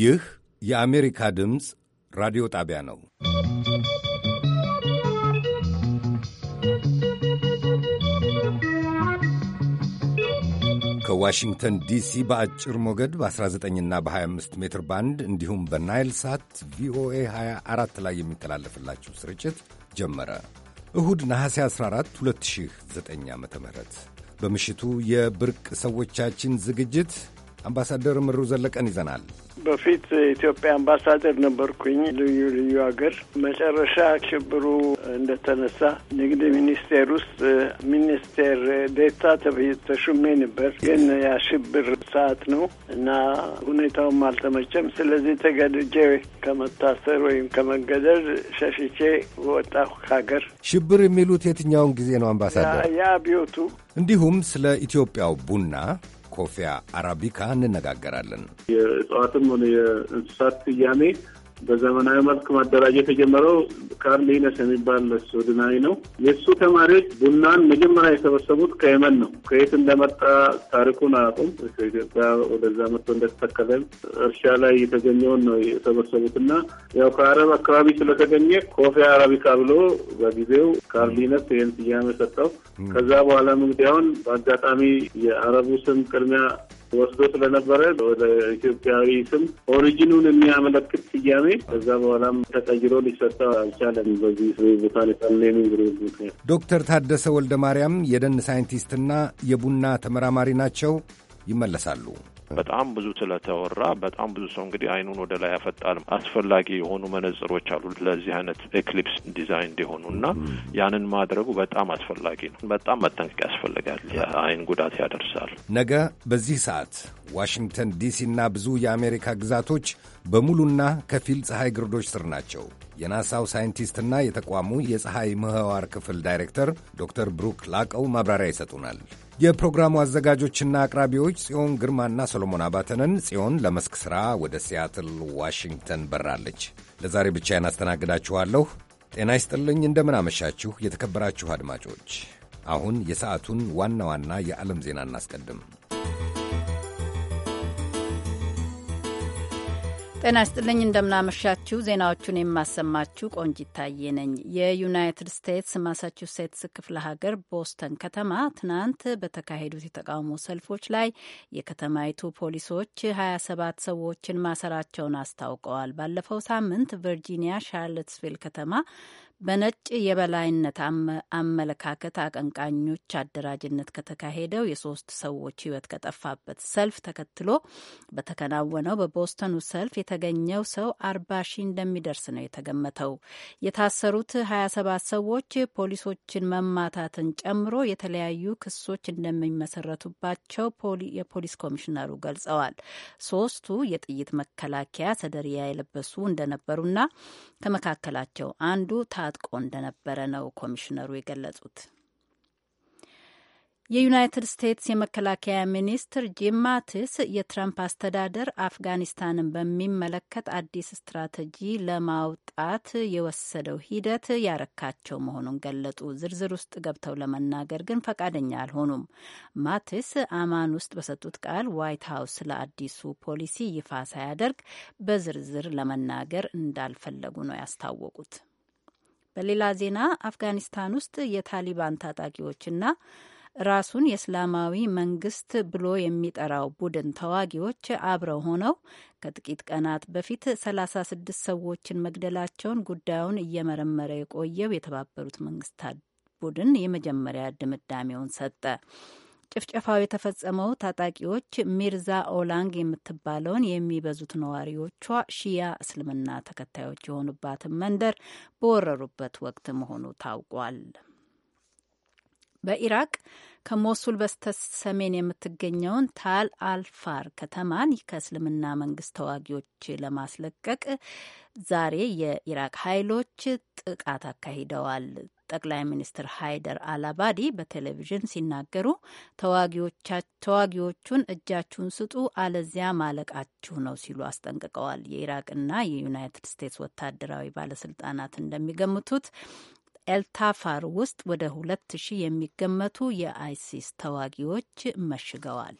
ይህ የአሜሪካ ድምፅ ራዲዮ ጣቢያ ነው። ከዋሽንግተን ዲሲ በአጭር ሞገድ በ19ና በ25 ሜትር ባንድ እንዲሁም በናይል ሳት ቪኦኤ 24 ላይ የሚተላለፍላችሁ ስርጭት ጀመረ። እሁድ ነሐሴ 14 2009 ዓ ም በምሽቱ የብርቅ ሰዎቻችን ዝግጅት አምባሳደር ምሩ ዘለቀን ይዘናል። በፊት ኢትዮጵያ አምባሳደር ነበርኩኝ ልዩ ልዩ ሀገር። መጨረሻ ሽብሩ እንደተነሳ ንግድ ሚኒስቴር ውስጥ ሚኒስቴር ዴታ ተሹሜ ነበር። ግን ያ ሽብር ሰዓት ነው እና ሁኔታውም አልተመቸም። ስለዚህ ተገድጄ ከመታሰር ወይም ከመገደል ሸሽቼ ወጣሁ ከሀገር። ሽብር የሚሉት የትኛውን ጊዜ ነው አምባሳደር? ያ አብዮቱ እንዲሁም ስለ ኢትዮጵያው ቡና ኮፊያ አራቢካ እንነጋገራለን። የእጽዋትም ሆነ የእንስሳት ስያሜ በዘመናዊ መልክ ማደራጀት የተጀመረው ካርል ኢነስ የሚባል ሱዳናዊ ነው። የእሱ ተማሪዎች ቡናን መጀመሪያ የሰበሰቡት ከየመን ነው። ከየት እንደመጣ ታሪኩን አያውቁም። ከኢትዮጵያ ወደዛ መጥቶ እንደተተከለ እርሻ ላይ የተገኘውን ነው የሰበሰቡት እና ያው ከአረብ አካባቢ ስለተገኘ ኮፊ አረቢካ ብሎ በጊዜው ካርል ኢነስ ይህን ስያሜ ሰጠው። ከዛ በኋላም እንግዲህ አሁን በአጋጣሚ የአረቡ ስም ቅድሚያ ወስዶ ስለነበረ ወደ ኢትዮጵያዊ ስም ኦሪጂኑን የሚያመለክት ስያሜ ከዛ በኋላም ተቀይሮ ሊሰጠው አልቻለም። በዚህ ቦታኒካል ኔሚንግ ምክንያት ዶክተር ታደሰ ወልደ ማርያም የደን ሳይንቲስትና የቡና ተመራማሪ ናቸው። ይመለሳሉ። በጣም ብዙ ስለተወራ በጣም ብዙ ሰው እንግዲህ አይኑን ወደ ላይ ያፈጣል። አስፈላጊ የሆኑ መነጽሮች አሉ ለዚህ አይነት ኤክሊፕስ ዲዛይን እንዲሆኑ እና ያንን ማድረጉ በጣም አስፈላጊ ነው። በጣም መጠንቀቅ ያስፈልጋል። የአይን ጉዳት ያደርሳል። ነገ በዚህ ሰዓት ዋሽንግተን እና ብዙ የአሜሪካ ግዛቶች በሙሉና ከፊል ፀሐይ ግርዶች ስር ናቸው። የናሳው ሳይንቲስትና የተቋሙ የፀሐይ ምህዋር ክፍል ዳይሬክተር ዶክተር ብሩክ ላቀው ማብራሪያ ይሰጡናል። የፕሮግራሙ አዘጋጆችና አቅራቢዎች ጽዮን ግርማና ሰሎሞን አባተንን። ጽዮን ለመስክ ሥራ ወደ ሲያትል ዋሽንግተን በራለች። ለዛሬ ብቻዬን አስተናግዳችኋለሁ። ጤና ይስጥልኝ። እንደምን አመሻችሁ የተከበራችሁ አድማጮች። አሁን የሰዓቱን ዋና ዋና የዓለም ዜና እናስቀድም። ጤና ይስጥልኝ እንደምናመሻችሁ። ዜናዎቹን የማሰማችሁ ቆንጂት ታዬ ነኝ። የዩናይትድ ስቴትስ ማሳቹሴትስ ክፍለ ሀገር ቦስተን ከተማ ትናንት በተካሄዱት የተቃውሞ ሰልፎች ላይ የከተማይቱ ፖሊሶች 27 ሰዎችን ማሰራቸውን አስታውቀዋል። ባለፈው ሳምንት ቨርጂኒያ ሻርለትስቪል ከተማ በነጭ የበላይነት አመለካከት አቀንቃኞች አደራጅነት ከተካሄደው የሶስት ሰዎች ሕይወት ከጠፋበት ሰልፍ ተከትሎ በተከናወነው በቦስተኑ ሰልፍ የተገኘው ሰው አርባ ሺህ እንደሚደርስ ነው የተገመተው። የታሰሩት ሀያ ሰባት ሰዎች ፖሊሶችን መማታትን ጨምሮ የተለያዩ ክሶች እንደሚመሰረቱባቸው የፖሊስ ኮሚሽነሩ ገልጸዋል። ሶስቱ የጥይት መከላከያ ሰደሪያ የለበሱ እንደነበሩና ከመካከላቸው አንዱ ታ ታጥቆ እንደነበረ ነው ኮሚሽነሩ የገለጹት። የዩናይትድ ስቴትስ የመከላከያ ሚኒስትር ጂም ማቲስ የትራምፕ አስተዳደር አፍጋኒስታንን በሚመለከት አዲስ ስትራቴጂ ለማውጣት የወሰደው ሂደት ያረካቸው መሆኑን ገለጡ። ዝርዝር ውስጥ ገብተው ለመናገር ግን ፈቃደኛ አልሆኑም። ማቲስ አማን ውስጥ በሰጡት ቃል ዋይት ሀውስ ለአዲሱ ፖሊሲ ይፋ ሳያደርግ በዝርዝር ለመናገር እንዳልፈለጉ ነው ያስታወቁት። በሌላ ዜና አፍጋኒስታን ውስጥ የታሊባን ታጣቂዎችና ራሱን የእስላማዊ መንግስት ብሎ የሚጠራው ቡድን ተዋጊዎች አብረው ሆነው ከጥቂት ቀናት በፊት 36 ሰዎችን መግደላቸውን ጉዳዩን እየመረመረ የቆየው የተባበሩት መንግስታት ቡድን የመጀመሪያ ድምዳሜውን ሰጠ። ጭፍጨፋው የተፈጸመው ታጣቂዎች ሚርዛ ኦላንግ የምትባለውን የሚበዙት ነዋሪዎቿ ሺያ እስልምና ተከታዮች የሆኑባትን መንደር በወረሩበት ወቅት መሆኑ ታውቋል። በኢራቅ ከሞሱል በስተ ሰሜን የምትገኘውን ታል አልፋር ከተማን ከእስልምና መንግስት ተዋጊዎች ለማስለቀቅ ዛሬ የኢራቅ ኃይሎች ጥቃት አካሂደዋል። ጠቅላይ ሚኒስትር ሃይደር አልአባዲ በቴሌቪዥን ሲናገሩ ተዋጊዎቹን እጃችሁን ስጡ፣ አለዚያ ማለቃችሁ ነው ሲሉ አስጠንቅቀዋል። የኢራቅና የዩናይትድ ስቴትስ ወታደራዊ ባለስልጣናት እንደሚገምቱት ኤልታፋር ውስጥ ወደ ሁለት ሺህ የሚገመቱ የአይሲስ ተዋጊዎች መሽገዋል።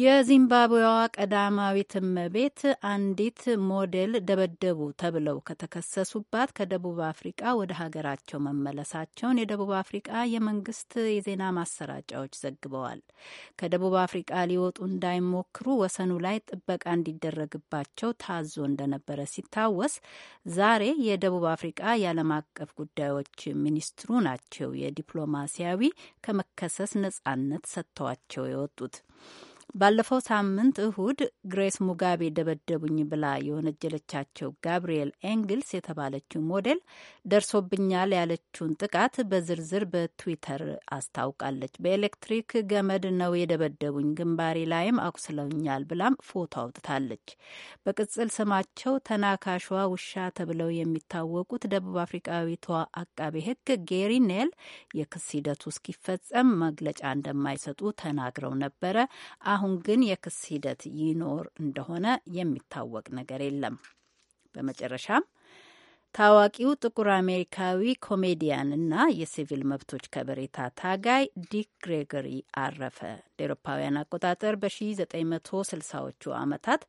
የዚምባብዌዋ ቀዳማዊት እመቤት አንዲት ሞዴል ደበደቡ ተብለው ከተከሰሱባት ከደቡብ አፍሪቃ ወደ ሀገራቸው መመለሳቸውን የደቡብ አፍሪቃ የመንግስት የዜና ማሰራጫዎች ዘግበዋል። ከደቡብ አፍሪቃ ሊወጡ እንዳይሞክሩ ወሰኑ ላይ ጥበቃ እንዲደረግባቸው ታዞ እንደነበረ ሲታወስ፣ ዛሬ የደቡብ አፍሪቃ የዓለም አቀፍ ጉዳዮች ሚኒስትሩ ናቸው የዲፕሎማሲያዊ ከመከሰስ ነጻነት ሰጥተዋቸው የወጡት። ባለፈው ሳምንት እሁድ ግሬስ ሙጋቤ ደበደቡኝ ብላ የወነጀለቻቸው ጋብርኤል ኤንግልስ የተባለችው ሞዴል ደርሶብኛል ያለችውን ጥቃት በዝርዝር በትዊተር አስታውቃለች። በኤሌክትሪክ ገመድ ነው የደበደቡኝ፣ ግንባሬ ላይም አቁስለውኛል ብላም ፎቶ አውጥታለች። በቅጽል ስማቸው ተናካሿ ውሻ ተብለው የሚታወቁት ደቡብ አፍሪቃዊቷ አቃቤ ሕግ ጌሪ ኔል የክስ ሂደቱ እስኪፈጸም መግለጫ እንደማይሰጡ ተናግረው ነበረ። አሁን ግን የክስ ሂደት ይኖር እንደሆነ የሚታወቅ ነገር የለም። በመጨረሻም ታዋቂው ጥቁር አሜሪካዊ ኮሜዲያን እና የሲቪል መብቶች ከበሬታ ታጋይ ዲክ ግሬጎሪ አረፈ። ለአውሮፓውያን አቆጣጠር በ1960ዎቹ ዓመታት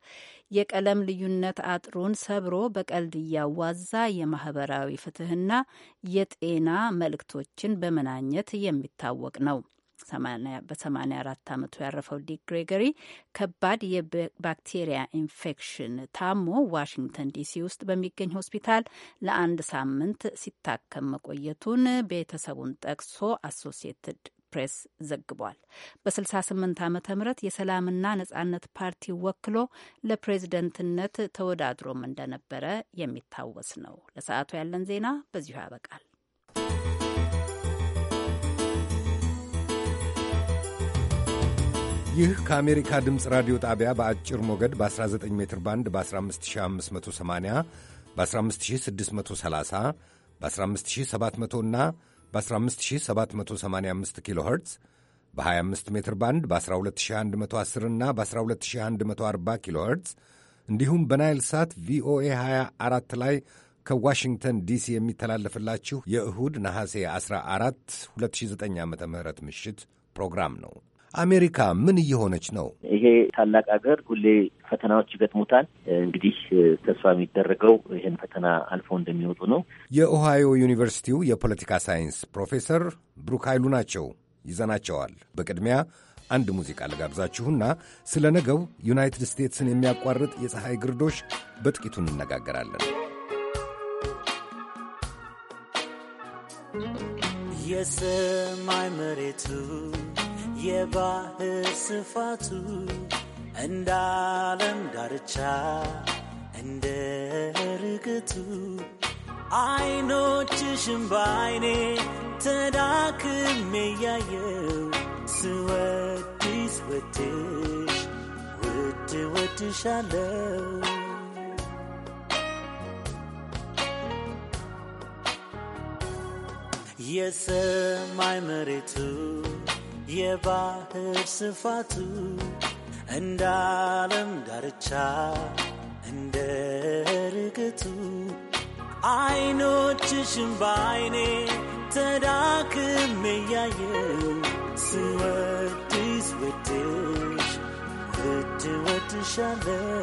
የቀለም ልዩነት አጥሩን ሰብሮ በቀልድ እያዋዛ የማህበራዊ ፍትህና የጤና መልእክቶችን በመናኘት የሚታወቅ ነው። በ84 ዓመቱ ያረፈው ዲክ ግሬገሪ ከባድ የባክቴሪያ ኢንፌክሽን ታሞ ዋሽንግተን ዲሲ ውስጥ በሚገኝ ሆስፒታል ለአንድ ሳምንት ሲታከም መቆየቱን ቤተሰቡን ጠቅሶ አሶሲየትድ ፕሬስ ዘግቧል። በ68 ዓመተ ምህረት የሰላምና ነጻነት ፓርቲ ወክሎ ለፕሬዝደንትነት ተወዳድሮም እንደነበረ የሚታወስ ነው። ለሰዓቱ ያለን ዜና በዚሁ ያበቃል። ይህ ከአሜሪካ ድምፅ ራዲዮ ጣቢያ በአጭር ሞገድ በ19 ሜትር ባንድ በ15580 በ15630 በ15700 እና በ15785 ኪሎ ኸርትዝ በ25 ሜትር ባንድ በ12110 እና በ12140 ኪሎ ኸርትዝ እንዲሁም በናይል ሳት ቪኦኤ 24 ላይ ከዋሽንግተን ዲሲ የሚተላለፍላችሁ የእሁድ ነሐሴ 14 2009 ዓ ም ምሽት ፕሮግራም ነው። አሜሪካ ምን እየሆነች ነው? ይሄ ታላቅ ሀገር ሁሌ ፈተናዎች ይገጥሙታል። እንግዲህ ተስፋ የሚደረገው ይህን ፈተና አልፎ እንደሚወጡ ነው። የኦሃዮ ዩኒቨርሲቲው የፖለቲካ ሳይንስ ፕሮፌሰር ብሩክ ኃይሉ ናቸው። ይዘናቸዋል። በቅድሚያ አንድ ሙዚቃ ልጋብዛችሁና ስለ ነገው ዩናይትድ ስቴትስን የሚያቋርጥ የፀሐይ ግርዶሽ በጥቂቱ እንነጋገራለን። የሰማይ መሬቱን የባህር ስፋቱ እንደ ዓለም ዳርቻ እንደ ርግቱ አይኖችሽም በአይኔ ተዳክሜ ያየው ስወድስ ወድሽ ውድ ወድሻለው የሰማይ መሬቱ የባህር ስፋቱ እንደ ዓለም ዳርቻ እንደ ርግቱ አይኖችሽን በአይኔ ተዳክሜ እያየው ስወድሽ ወድሽ ውድ ወድሻለው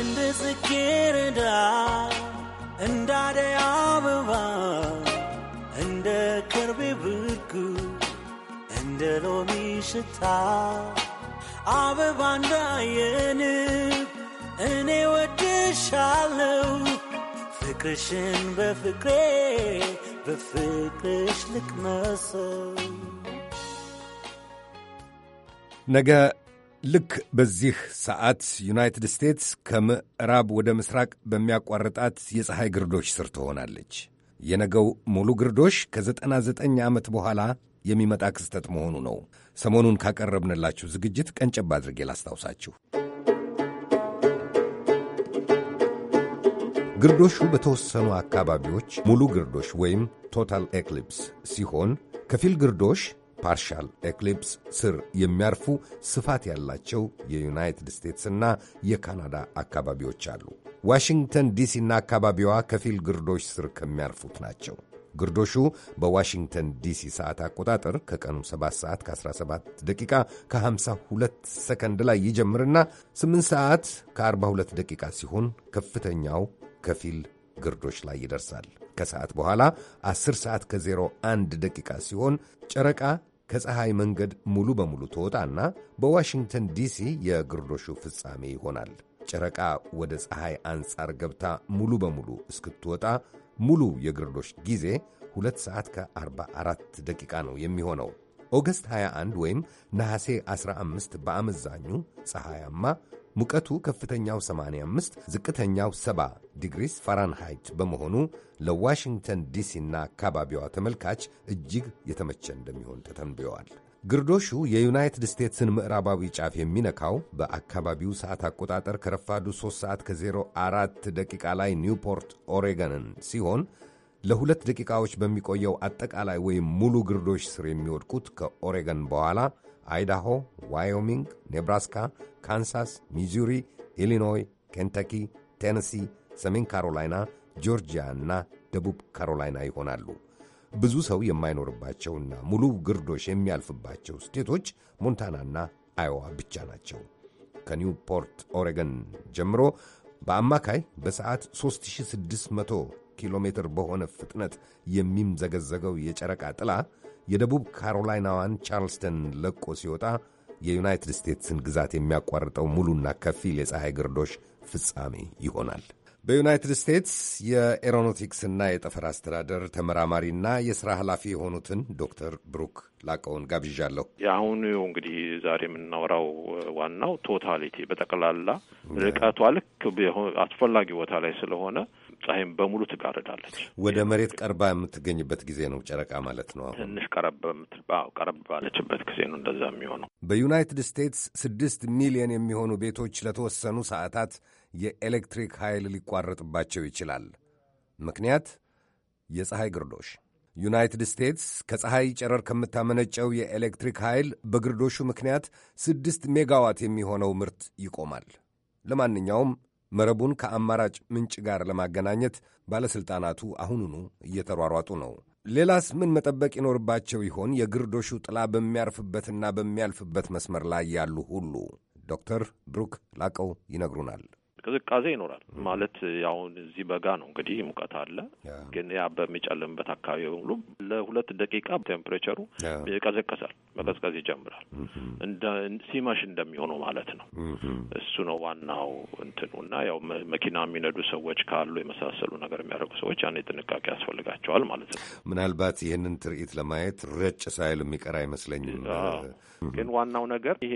እንደ ጽጌረዳ እንደ አደይ አበባ እንደ ሎሚ ሽታ አበባ እንዳየን እኔ ወድሻለው ፍቅርሽን በፍቅሬ በፍቅርሽ ልቅመሰው ነገ ልክ በዚህ ሰዓት ዩናይትድ ስቴትስ ከምዕራብ ወደ ምስራቅ በሚያቋርጣት የፀሐይ ግርዶሽ ስር ትሆናለች። የነገው ሙሉ ግርዶሽ ከ99 ዓመት በኋላ የሚመጣ ክስተት መሆኑ ነው። ሰሞኑን ካቀረብንላችሁ ዝግጅት ቀንጨብ አድርጌ ላስታውሳችሁ። ግርዶሹ በተወሰኑ አካባቢዎች ሙሉ ግርዶሽ ወይም ቶታል ኤክሊፕስ ሲሆን ከፊል ግርዶሽ ፓርሻል ኤክሊፕስ ስር የሚያርፉ ስፋት ያላቸው የዩናይትድ ስቴትስና የካናዳ አካባቢዎች አሉ። ዋሽንግተን ዲሲና አካባቢዋ ከፊል ግርዶሽ ስር ከሚያርፉት ናቸው። ግርዶሹ በዋሽንግተን ዲሲ ሰዓት አቆጣጠር ከቀኑ 7 ሰዓት ከ17 ደቂቃ ከ52 ሰከንድ ላይ ይጀምርና 8 ሰዓት ከ42 ደቂቃ ሲሆን ከፍተኛው ከፊል ግርዶሽ ላይ ይደርሳል። ከሰዓት በኋላ 10 ሰዓት ከ01 ደቂቃ ሲሆን ጨረቃ ከፀሐይ መንገድ ሙሉ በሙሉ ትወጣና በዋሽንግተን ዲሲ የግርዶሹ ፍጻሜ ይሆናል። ጨረቃ ወደ ፀሐይ አንጻር ገብታ ሙሉ በሙሉ እስክትወጣ ሙሉ የግርዶሽ ጊዜ 2 ሰዓት ከ44 ደቂቃ ነው የሚሆነው። ኦገስት 21 ወይም ነሐሴ 15 በአመዛኙ ፀሐያማ ሙቀቱ ከፍተኛው 85 ዝቅተኛው 70 ዲግሪስ ፋራንሃይት በመሆኑ ለዋሽንግተን ዲሲ እና አካባቢዋ ተመልካች እጅግ የተመቸ እንደሚሆን ተተንብየዋል። ግርዶሹ የዩናይትድ ስቴትስን ምዕራባዊ ጫፍ የሚነካው በአካባቢው ሰዓት አቆጣጠር ከረፋዱ 3 ሰዓት ከ04 ደቂቃ ላይ ኒውፖርት ኦሬገንን ሲሆን ለሁለት ደቂቃዎች በሚቆየው አጠቃላይ ወይም ሙሉ ግርዶሽ ስር የሚወድቁት ከኦሬገን በኋላ አይዳሆ፣ ዋዮሚንግ፣ ኔብራስካ፣ ካንሳስ፣ ሚዙሪ፣ ኢሊኖይ፣ ኬንታኪ፣ ቴነሲ፣ ሰሜን ካሮላይና፣ ጆርጂያ እና ደቡብ ካሮላይና ይሆናሉ። ብዙ ሰው የማይኖርባቸውና ሙሉ ግርዶሽ የሚያልፍባቸው ስቴቶች ሞንታናና አዮዋ ብቻ ናቸው። ከኒውፖርት ኦሬገን ጀምሮ በአማካይ በሰዓት 3600 ኪሎ ሜትር በሆነ ፍጥነት የሚምዘገዘገው የጨረቃ ጥላ የደቡብ ካሮላይናዋን ቻርልስተን ለቆ ሲወጣ የዩናይትድ ስቴትስን ግዛት የሚያቋርጠው ሙሉና ከፊል የፀሐይ ግርዶሽ ፍጻሜ ይሆናል። በዩናይትድ ስቴትስ የኤሮኖቲክስና የጠፈር አስተዳደር ተመራማሪና የስራ ኃላፊ የሆኑትን ዶክተር ብሩክ ላቀውን ጋብዣለሁ። የአሁኑ እንግዲህ ዛሬ የምናወራው ዋናው ቶታሊቲ በጠቅላላ ርቀቷ ልክ አስፈላጊ ቦታ ላይ ስለሆነ ፀሐይም በሙሉ ትጋርዳለች። ወደ መሬት ቀርባ የምትገኝበት ጊዜ ነው ጨረቃ ማለት ነው። አሁን ትንሽ ቀረብ ቀረብ ባለችበት ጊዜ ነው እንደዛ የሚሆነው። በዩናይትድ ስቴትስ ስድስት ሚሊዮን የሚሆኑ ቤቶች ለተወሰኑ ሰዓታት የኤሌክትሪክ ኃይል ሊቋረጥባቸው ይችላል። ምክንያት የፀሐይ ግርዶሽ። ዩናይትድ ስቴትስ ከፀሐይ ጨረር ከምታመነጨው የኤሌክትሪክ ኃይል በግርዶሹ ምክንያት ስድስት ሜጋዋት የሚሆነው ምርት ይቆማል። ለማንኛውም መረቡን ከአማራጭ ምንጭ ጋር ለማገናኘት ባለሥልጣናቱ አሁኑኑ እየተሯሯጡ ነው። ሌላስ ምን መጠበቅ ይኖርባቸው ይሆን? የግርዶሹ ጥላ በሚያርፍበትና በሚያልፍበት መስመር ላይ ያሉ ሁሉ ዶክተር ብሩክ ላቀው ይነግሩናል። ቅዝቃዜ ይኖራል ማለት ያሁን እዚህ በጋ ነው እንግዲህ ሙቀት አለ፣ ግን ያ በሚጨልምበት አካባቢ በሙሉ ለሁለት ደቂቃ ቴምፕሬቸሩ ይቀዘቀዛል መቀዝቀዝ ይጀምራል። ሲመሽ እንደሚሆነው ማለት ነው። እሱ ነው ዋናው እንትኑ እና ያው መኪና የሚነዱ ሰዎች ካሉ የመሳሰሉ ነገር የሚያደርጉ ሰዎች ያን ጥንቃቄ ያስፈልጋቸዋል ማለት ነው። ምናልባት ይህንን ትርኢት ለማየት ረጭ ሳይል የሚቀር አይመስለኝም። ግን ዋናው ነገር ይሄ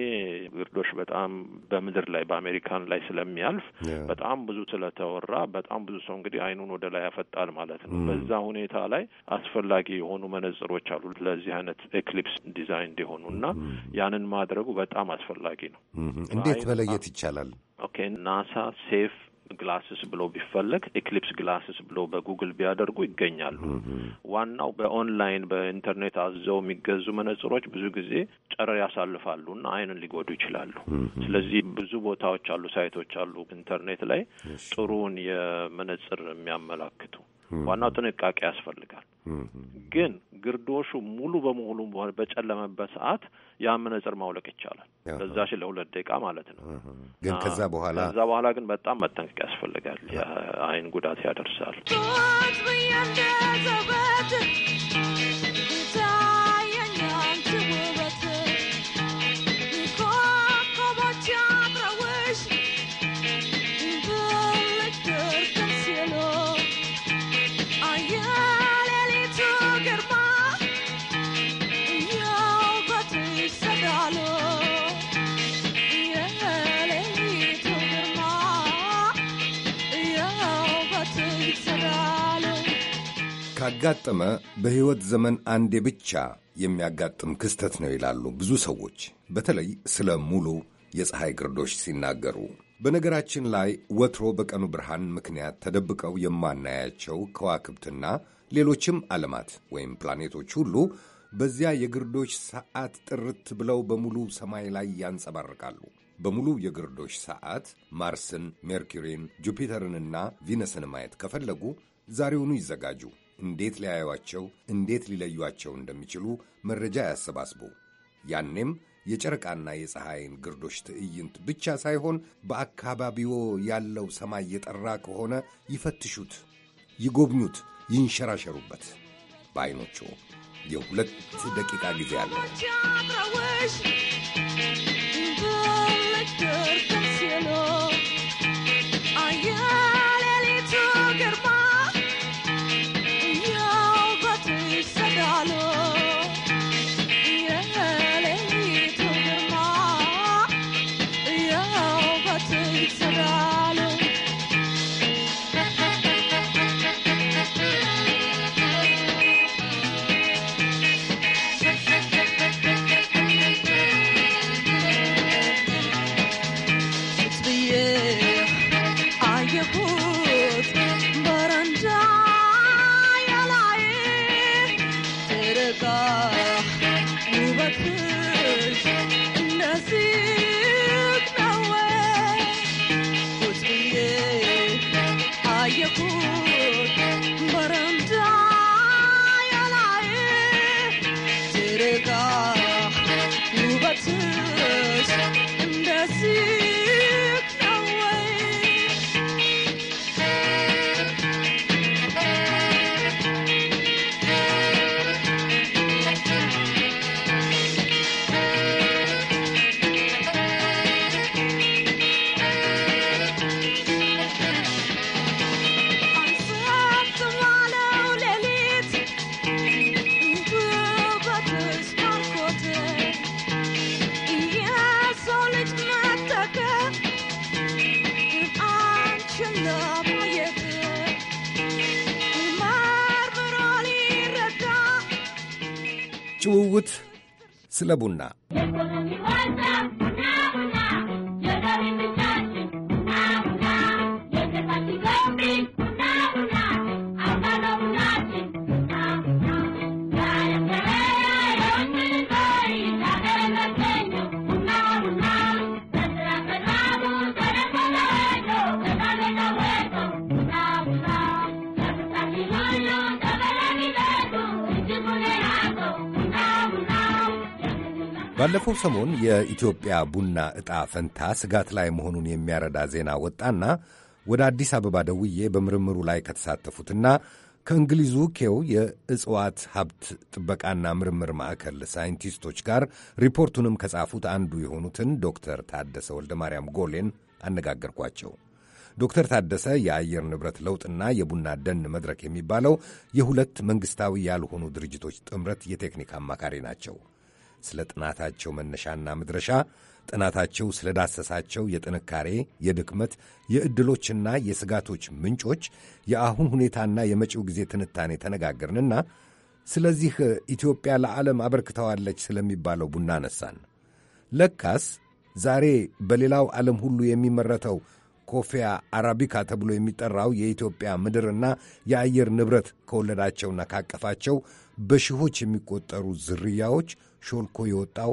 ግርዶሽ በጣም በምድር ላይ በአሜሪካን ላይ ስለሚያልፍ በጣም ብዙ ስለተወራ በጣም ብዙ ሰው እንግዲህ አይኑን ወደ ላይ ያፈጣል ማለት ነው። mm. በዛ ሁኔታ ላይ አስፈላጊ የሆኑ መነጽሮች አሉ ለዚህ አይነት ኤክሊፕስ ዲዛይን እንዲሆኑ እና mm-hmm. ያንን ማድረጉ በጣም አስፈላጊ ነው። mm-hmm. እንዴት መለየት ይቻላል? ኦኬ ናሳ ሴፍ ግላስስ ብሎ ቢፈለግ ኤክሊፕስ ግላስስ ብሎ በጉግል ቢያደርጉ ይገኛሉ። ዋናው በኦንላይን በኢንተርኔት አዘው የሚገዙ መነጽሮች ብዙ ጊዜ ጨረር ያሳልፋሉ እና አይንን ሊጎዱ ይችላሉ። ስለዚህ ብዙ ቦታዎች አሉ፣ ሳይቶች አሉ ኢንተርኔት ላይ ጥሩውን የመነጽር የሚያመላክቱ ዋናው ጥንቃቄ ያስፈልጋል። ግን ግርዶሹ ሙሉ በመሆኑ በጨለመበት ሰዓት ያ መነጽር ማውለቅ ይቻላል። ለዛሽ ለሁለት ደቂቃ ማለት ነው። ግን ከዛ በኋላ ከዛ በኋላ ግን በጣም መጠንቀቅ ያስፈልጋል። የአይን ጉዳት ያደርሳል። ካጋጠመ በሕይወት ዘመን አንዴ ብቻ የሚያጋጥም ክስተት ነው ይላሉ ብዙ ሰዎች በተለይ ስለ ሙሉ የፀሐይ ግርዶሽ ሲናገሩ። በነገራችን ላይ ወትሮ በቀኑ ብርሃን ምክንያት ተደብቀው የማናያቸው ከዋክብትና ሌሎችም ዓለማት ወይም ፕላኔቶች ሁሉ በዚያ የግርዶሽ ሰዓት ጥርት ብለው በሙሉ ሰማይ ላይ ያንጸባርቃሉ። በሙሉ የግርዶሽ ሰዓት ማርስን፣ ሜርኩሪን፣ ጁፒተርንና ቪነስን ማየት ከፈለጉ ዛሬውኑ ይዘጋጁ። እንዴት ሊያዩቸው፣ እንዴት ሊለዩቸው እንደሚችሉ መረጃ ያሰባስቡ። ያኔም የጨረቃና የፀሐይን ግርዶሽ ትዕይንት ብቻ ሳይሆን በአካባቢዎ ያለው ሰማይ የጠራ ከሆነ ይፈትሹት፣ ይጎብኙት፣ ይንሸራሸሩበት። በዐይኖቹ የሁለት ደቂቃ ጊዜ አለ። ጭውውት ስለ ቡና ባለፈው ሰሞን የኢትዮጵያ ቡና ዕጣ ፈንታ ስጋት ላይ መሆኑን የሚያረዳ ዜና ወጣና ወደ አዲስ አበባ ደውዬ በምርምሩ ላይ ከተሳተፉትና ከእንግሊዙ ኬው የእጽዋት ሀብት ጥበቃና ምርምር ማዕከል ሳይንቲስቶች ጋር ሪፖርቱንም ከጻፉት አንዱ የሆኑትን ዶክተር ታደሰ ወልደ ማርያም ጎሌን አነጋገርኳቸው። ዶክተር ታደሰ የአየር ንብረት ለውጥና የቡና ደን መድረክ የሚባለው የሁለት መንግሥታዊ ያልሆኑ ድርጅቶች ጥምረት የቴክኒክ አማካሪ ናቸው። ስለ ጥናታቸው መነሻና መድረሻ ጥናታቸው ስለ ዳሰሳቸው የጥንካሬ፣ የድክመት፣ የዕድሎችና የስጋቶች ምንጮች፣ የአሁን ሁኔታና የመጪው ጊዜ ትንታኔ ተነጋገርንና ስለዚህ ኢትዮጵያ ለዓለም አበርክተዋለች ስለሚባለው ቡና አነሳን። ለካስ ዛሬ በሌላው ዓለም ሁሉ የሚመረተው ኮፊያ አራቢካ ተብሎ የሚጠራው የኢትዮጵያ ምድርና የአየር ንብረት ከወለዳቸውና ካቀፋቸው በሺዎች የሚቆጠሩ ዝርያዎች ሾልኮ የወጣው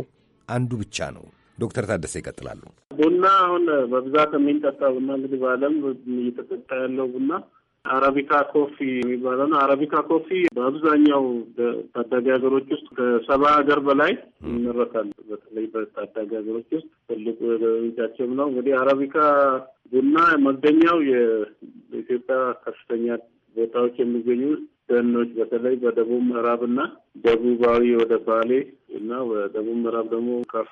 አንዱ ብቻ ነው። ዶክተር ታደሰ ይቀጥላሉ። ቡና አሁን በብዛት የሚንጠጣ ቡና እንግዲህ በዓለም እየተጠጣ ያለው ቡና አረቢካ ኮፊ የሚባለው ነው። አረቢካ ኮፊ በአብዛኛው ታዳጊ ሀገሮች ውስጥ ከሰባ ሀገር በላይ ይመረታል። በተለይ በታዳጊ ሀገሮች ውስጥ ትልቁ ደረጃቸውም ነው። እንግዲህ አረቢካ ቡና መገኛው የኢትዮጵያ ከፍተኛ ቦታዎች የሚገኙ ደኖች በተለይ በደቡብ ምዕራብና ደቡባዊ ወደ ባሌ እና በደቡብ ምዕራብ ደግሞ ከፋ፣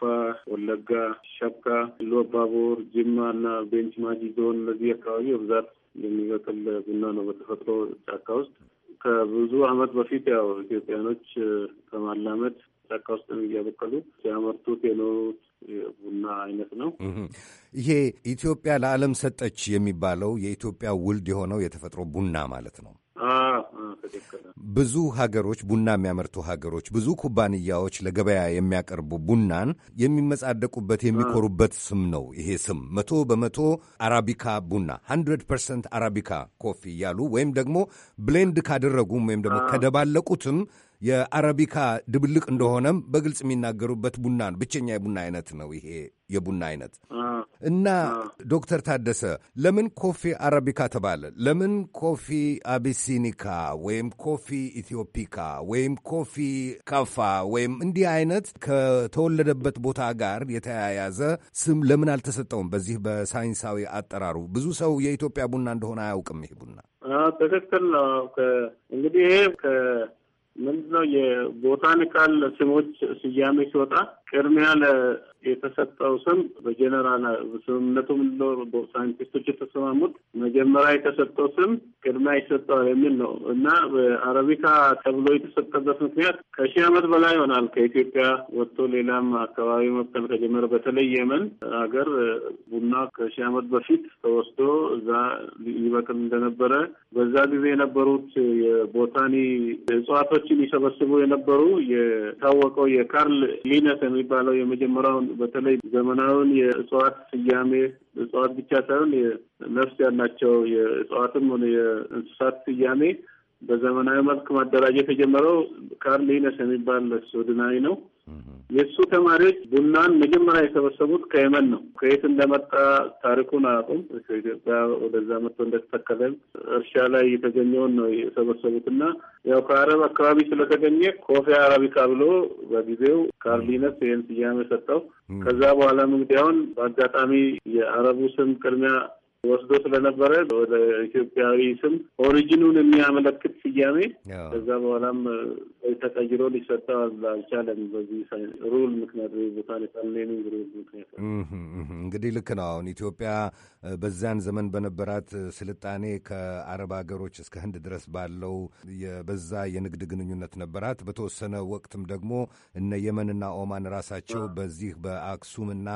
ወለጋ፣ ሸካ፣ ሎባቦር፣ ጅማ እና ቤንች ማጂ ዞን እነዚህ አካባቢ በብዛት የሚበቅል ቡና ነው በተፈጥሮ ጫካ ውስጥ ከብዙ ዓመት በፊት ያው ኢትዮጵያኖች ከማላመድ ጫካ ውስጥ እያበቀሉ ሲያመርቱት የኖሩት ቡና አይነት ነው። ይሄ ኢትዮጵያ ለዓለም ሰጠች የሚባለው የኢትዮጵያ ውልድ የሆነው የተፈጥሮ ቡና ማለት ነው። ብዙ ሀገሮች ቡና የሚያመርቱ ሀገሮች ብዙ ኩባንያዎች ለገበያ የሚያቀርቡ ቡናን የሚመጻደቁበት የሚኮሩበት ስም ነው። ይሄ ስም መቶ በመቶ አራቢካ ቡና ሀንድረድ ፐርሰንት አራቢካ ኮፊ እያሉ ወይም ደግሞ ብሌንድ ካደረጉም ወይም ደግሞ ከደባለቁትም የአረቢካ ድብልቅ እንደሆነም በግልጽ የሚናገሩበት ቡና ነው። ብቸኛ የቡና አይነት ነው ይሄ የቡና አይነት እና ዶክተር ታደሰ ለምን ኮፊ አረቢካ ተባለ? ለምን ኮፊ አቢሲኒካ ወይም ኮፊ ኢትዮፒካ ወይም ኮፊ ካፋ ወይም እንዲህ አይነት ከተወለደበት ቦታ ጋር የተያያዘ ስም ለምን አልተሰጠውም? በዚህ በሳይንሳዊ አጠራሩ ብዙ ሰው የኢትዮጵያ ቡና እንደሆነ አያውቅም። ይሄ ቡና ትክክል ነው እንግዲህ ምንድነው የቦታኒካል ስሞች ስያሜ ሲወጣ ቅድሚያ የተሰጠው ስም በጀነራል ስምምነቱ ሳይንቲስቶች የተሰማሙት መጀመሪያ የተሰጠው ስም ቅድሚያ ይሰጠዋል የሚል ነው እና በአረቢካ ተብሎ የተሰጠበት ምክንያት ከሺህ ዓመት በላይ ይሆናል ከኢትዮጵያ ወጥቶ ሌላም አካባቢ መብቀል ከጀመረ በተለይ የመን ሀገር ቡና ከሺህ ዓመት በፊት ተወስዶ እዛ ይበቅል እንደነበረ በዛ ጊዜ የነበሩት የቦታኒ እጽዋቶችን ይሰበስቡ የነበሩ የታወቀው የካርል ሊነት የሚባለው የመጀመሪያውን በተለይ ዘመናዊውን የእጽዋት ስያሜ እጽዋት ብቻ ሳይሆን ነፍስ ያላቸው የእጽዋትም ሆነ የእንስሳት ስያሜ በዘመናዊ መልክ ማደራጀት የተጀመረው ካርል ሊነስ የሚባል ስዊድናዊ ነው። የእሱ ተማሪዎች ቡናን መጀመሪያ የሰበሰቡት ከየመን ነው። ከየት እንደመጣ ታሪኩን አያውቁም። ከኢትዮጵያ ወደዛ መጥቶ እንደተተከለም እርሻ ላይ የተገኘውን ነው የሰበሰቡት እና ያው ከአረብ አካባቢ ስለተገኘ ኮፊ አረቢካ ብሎ በጊዜው ካርሊነስ ይህን ስያሜ ሰጠው። ከዛ በኋላም እንግዲህ አሁን በአጋጣሚ የአረቡ ስም ቅድሚያ ወስዶ ስለነበረ ወደ ኢትዮጵያዊ ስም ኦሪጂኑን የሚያመለክት ስያሜ ከዛ በኋላም ተቀይሮ ሊሰጠው አልቻለም። በዚህ ሩል ምክንያት ቡታንሳሌኒንግ ሩል ምክንያት እንግዲህ ልክ ነው። አሁን ኢትዮጵያ በዚያን ዘመን በነበራት ስልጣኔ ከአረብ ሀገሮች እስከ ህንድ ድረስ ባለው የበዛ የንግድ ግንኙነት ነበራት። በተወሰነ ወቅትም ደግሞ እነ የመንና ኦማን ራሳቸው በዚህ በአክሱምና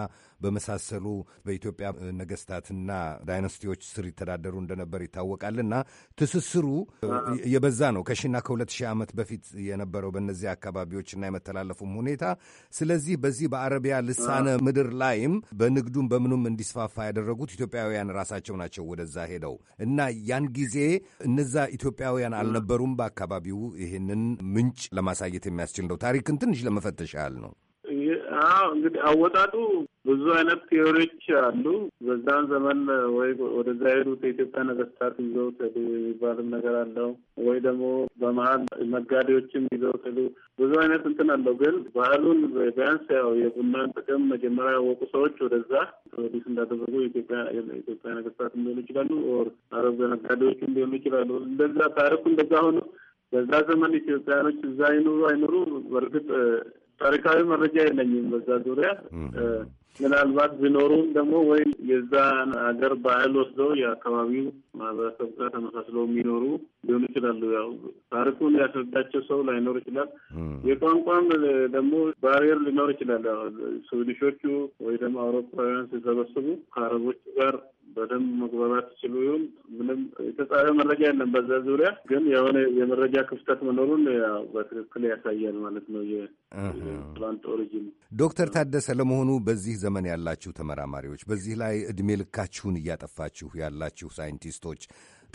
በመሳሰሉ በኢትዮጵያ ነገስታትና ዳይነስቲዎች ስር ይተዳደሩ እንደነበር ይታወቃልና ትስስሩ የበዛ ነው ከሺና ከሁለት ሺህ ዓመት በፊት የነበረው በእነዚህ አካባቢዎችና የመተላለፉም ሁኔታ። ስለዚህ በዚህ በአረቢያ ልሳነ ምድር ላይም በንግዱም በምኑም እንዲስፋፋ ያደረጉት ኢትዮጵያውያን ራሳቸው ናቸው ወደዛ ሄደው እና ያን ጊዜ እነዛ ኢትዮጵያውያን አልነበሩም በአካባቢው ይህንን ምንጭ ለማሳየት የሚያስችል ነው። ታሪክን ትንሽ ለመፈተሽ ያህል ነው። አዎ እንግዲህ አወጣጡ ብዙ አይነት ቴዎሪዎች አሉ። በዛን ዘመን ወይ ወደዛ ሄዱት የኢትዮጵያ ነገስታት ይዘውት ሄዱ የሚባልም ነገር አለው። ወይ ደግሞ በመሀል መጋዴዎችም ይዘውት ሄዱ። ብዙ አይነት እንትን አለው። ግን ባህሉን ቢያንስ ያው የቡናን ጥቅም መጀመሪያ ያወቁ ሰዎች ወደዛ ወዲስ እንዳደረጉ የኢትዮጵያ ነገስታት ሊሆኑ ይችላሉ፣ ኦር አረብ ነጋዴዎችም ሊሆኑ ይችላሉ። እንደዛ ታሪኩ እንደዛ ሆኖ በዛ ዘመን ኢትዮጵያኖች እዛ ይኑሩ አይኑሩ በእርግጥ ታሪካዊ መረጃ የለኝም በዛ ዙሪያ። ምናልባት ቢኖሩም ደግሞ ወይ የዛን ሀገር ባህል ወስደው የአካባቢው ማህበረሰብ ጋር ተመሳስለው የሚኖሩ ሊሆኑ ይችላሉ። ያው ታሪኩን ሊያስረዳቸው ሰው ላይኖር ይችላል። የቋንቋም ደግሞ ባሪየር ሊኖር ይችላል። ስዊድሾቹ ወይ ደግሞ አውሮፓውያን ሲሰበስቡ ከአረቦቹ ጋር በደንብ መግባባት ይችሉ ይሁን ምንም የተጻፈ መረጃ የለም በዛ ዙሪያ ግን የሆነ የመረጃ ክፍተት መኖሩን በትክክል ያሳያል ማለት ነው። የፕላንት ኦሪጂን ዶክተር ታደሰ ለመሆኑ በዚህ ዘመን ያላችሁ ተመራማሪዎች፣ በዚህ ላይ እድሜ ልካችሁን እያጠፋችሁ ያላችሁ ሳይንቲስቶች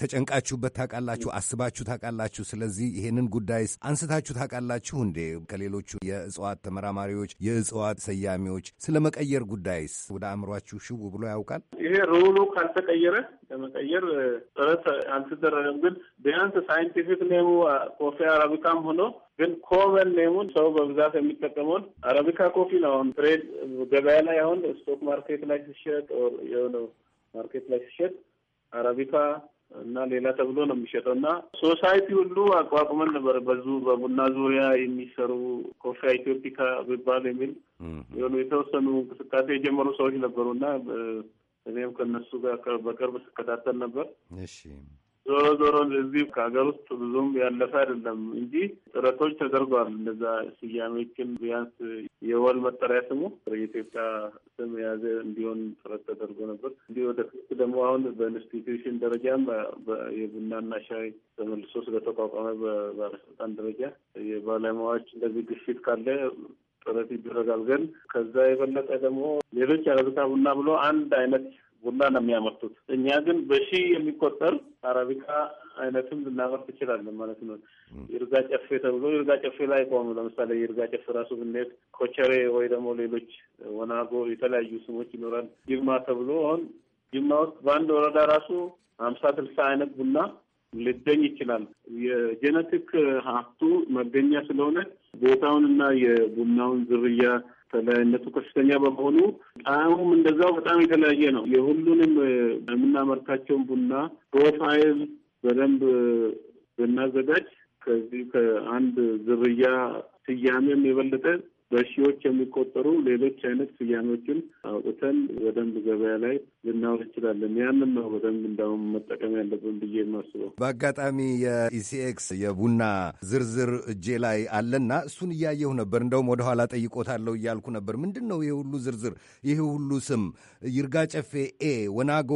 ተጨንቃችሁበት ታውቃላችሁ? አስባችሁ ታውቃላችሁ? ስለዚህ ይሄንን ጉዳይስ አንስታችሁ ታውቃላችሁ እንዴ? ከሌሎቹ የእጽዋት ተመራማሪዎች፣ የእጽዋት ሰያሚዎች ስለ መቀየር ጉዳይስ ወደ አእምሯችሁ ሽው ብሎ ያውቃል? ይሄ ሩሉ ካልተቀየረ ለመቀየር ጥረት አልተደረገም። ግን ቢያንስ ሳይንቲፊክ ኔሙ ኮፊ አረቢካም ሆኖ ግን ኮመን ኔሙን ሰው በብዛት የሚጠቀመውን አረቢካ ኮፊ ነው። አሁን ትሬድ ገበያ ላይ አሁን ስቶክ ማርኬት ላይ ሲሸጥ የሆነ ማርኬት ላይ ሲሸጥ አረቢካ እና ሌላ ተብሎ ነው የሚሸጠው እና ሶሳይቲ ሁሉ አቋቁመን ነበር። በዙ በቡና ዙሪያ የሚሰሩ ኮፊያ ኢትዮፒካ የሚባል የሚል የሆኑ የተወሰኑ እንቅስቃሴ የጀመሩ ሰዎች ነበሩ እና እኔም ከነሱ ጋር በቅርብ ስከታተል ነበር። እሺ ዞሮ ዞሮ እዚህ ከሀገር ውስጥ ብዙም ያለፈ አይደለም እንጂ ጥረቶች ተደርገዋል። እነዛ ስያሜዎችን ቢያንስ የወል መጠሪያ ስሙ የኢትዮጵያ ስም የያዘ እንዲሆን ጥረት ተደርጎ ነበር። እንዲህ ወደፊት ደግሞ አሁን በኢንስቲትዩሽን ደረጃም የቡናና ሻይ ተመልሶ ስለተቋቋመ በባለስልጣን ደረጃ የባለሙያዎች እንደዚህ ግፊት ካለ ጥረት ይደረጋል። ግን ከዛ የበለጠ ደግሞ ሌሎች ያለብታ ቡና ብሎ አንድ አይነት ቡና ነው የሚያመርቱት። እኛ ግን በሺህ የሚቆጠር አረቢካ አይነትም ልናመርት ይችላለን ማለት ነው። ይርጋ ጨፌ ተብሎ ይርጋ ጨፌ ላይ ቆሙ። ለምሳሌ ይርጋ ጨፌ ራሱ ብንሄድ ኮቸሬ ወይ ደግሞ ሌሎች ወናጎ የተለያዩ ስሞች ይኖራል። ጅማ ተብሎ አሁን ጅማ ውስጥ በአንድ ወረዳ ራሱ ሀምሳ ስልሳ አይነት ቡና ሊገኝ ይችላል። የጄኔቲክ ሀብቱ መገኛ ስለሆነ ቦታውን እና የቡናውን ዝርያ ተለያይነቱ ከፍተኛ በመሆኑ ጣዕሙም እንደዛው በጣም የተለያየ ነው። የሁሉንም የምናመርታቸውን ቡና ፕሮፋይል በደንብ ብናዘጋጅ ከዚህ ከአንድ ዝርያ ስያሜም የበለጠ በሺዎች የሚቆጠሩ ሌሎች አይነት ስያሜዎችን አውጥተን በደንብ ገበያ ላይ ልናውል እንችላለን። ያንን ነው በደንብ እንዳውም መጠቀም ያለብን ብዬ የማስበው። በአጋጣሚ የኢሲኤክስ የቡና ዝርዝር እጄ ላይ አለና እሱን እያየሁ ነበር። እንደውም ወደኋላ ጠይቆታለሁ እያልኩ ነበር። ምንድን ነው ይሄ ሁሉ ዝርዝር ይሄ ሁሉ ስም? ይርጋ ጨፌ ኤ፣ ወናጎ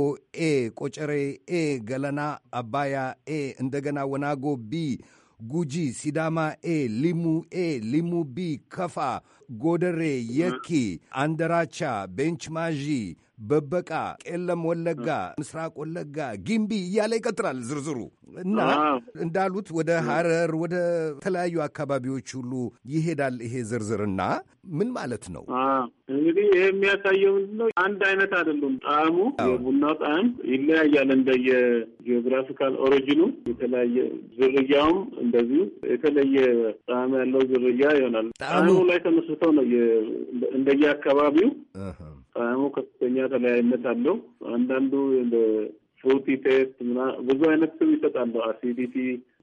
ኤ፣ ቆጨሬ ኤ፣ ገለና አባያ ኤ፣ እንደገና ወናጎ ቢ guji sidama a limu a limu b kafa godare yake andaracha benchmaji በበቃ፣ ቄለም ወለጋ፣ ምስራቅ ወለጋ፣ ጊምቢ እያለ ይቀጥላል ዝርዝሩ እና እንዳሉት ወደ ሀረር ወደ ተለያዩ አካባቢዎች ሁሉ ይሄዳል ይሄ ዝርዝርና ምን ማለት ነው? እንግዲህ ይህ የሚያሳየው ምንድን ነው? አንድ አይነት አይደሉም። ጣዕሙ የቡናው ጣዕም ይለያያል። እንደየ ጂኦግራፊካል ኦሪጂኑ የተለያየ ዝርያውም እንደዚሁ የተለየ ጣዕም ያለው ዝርያ ይሆናል። ጣዕሙ ላይ ተመስርተው ነው እንደየ አካባቢው ጣዕሙ ከፍተኛ ተለያይነት አለው። አንዳንዱ ፍሩቲ ቴስት ብዙ አይነት ስም ይሰጣሉ። አሲዲቲ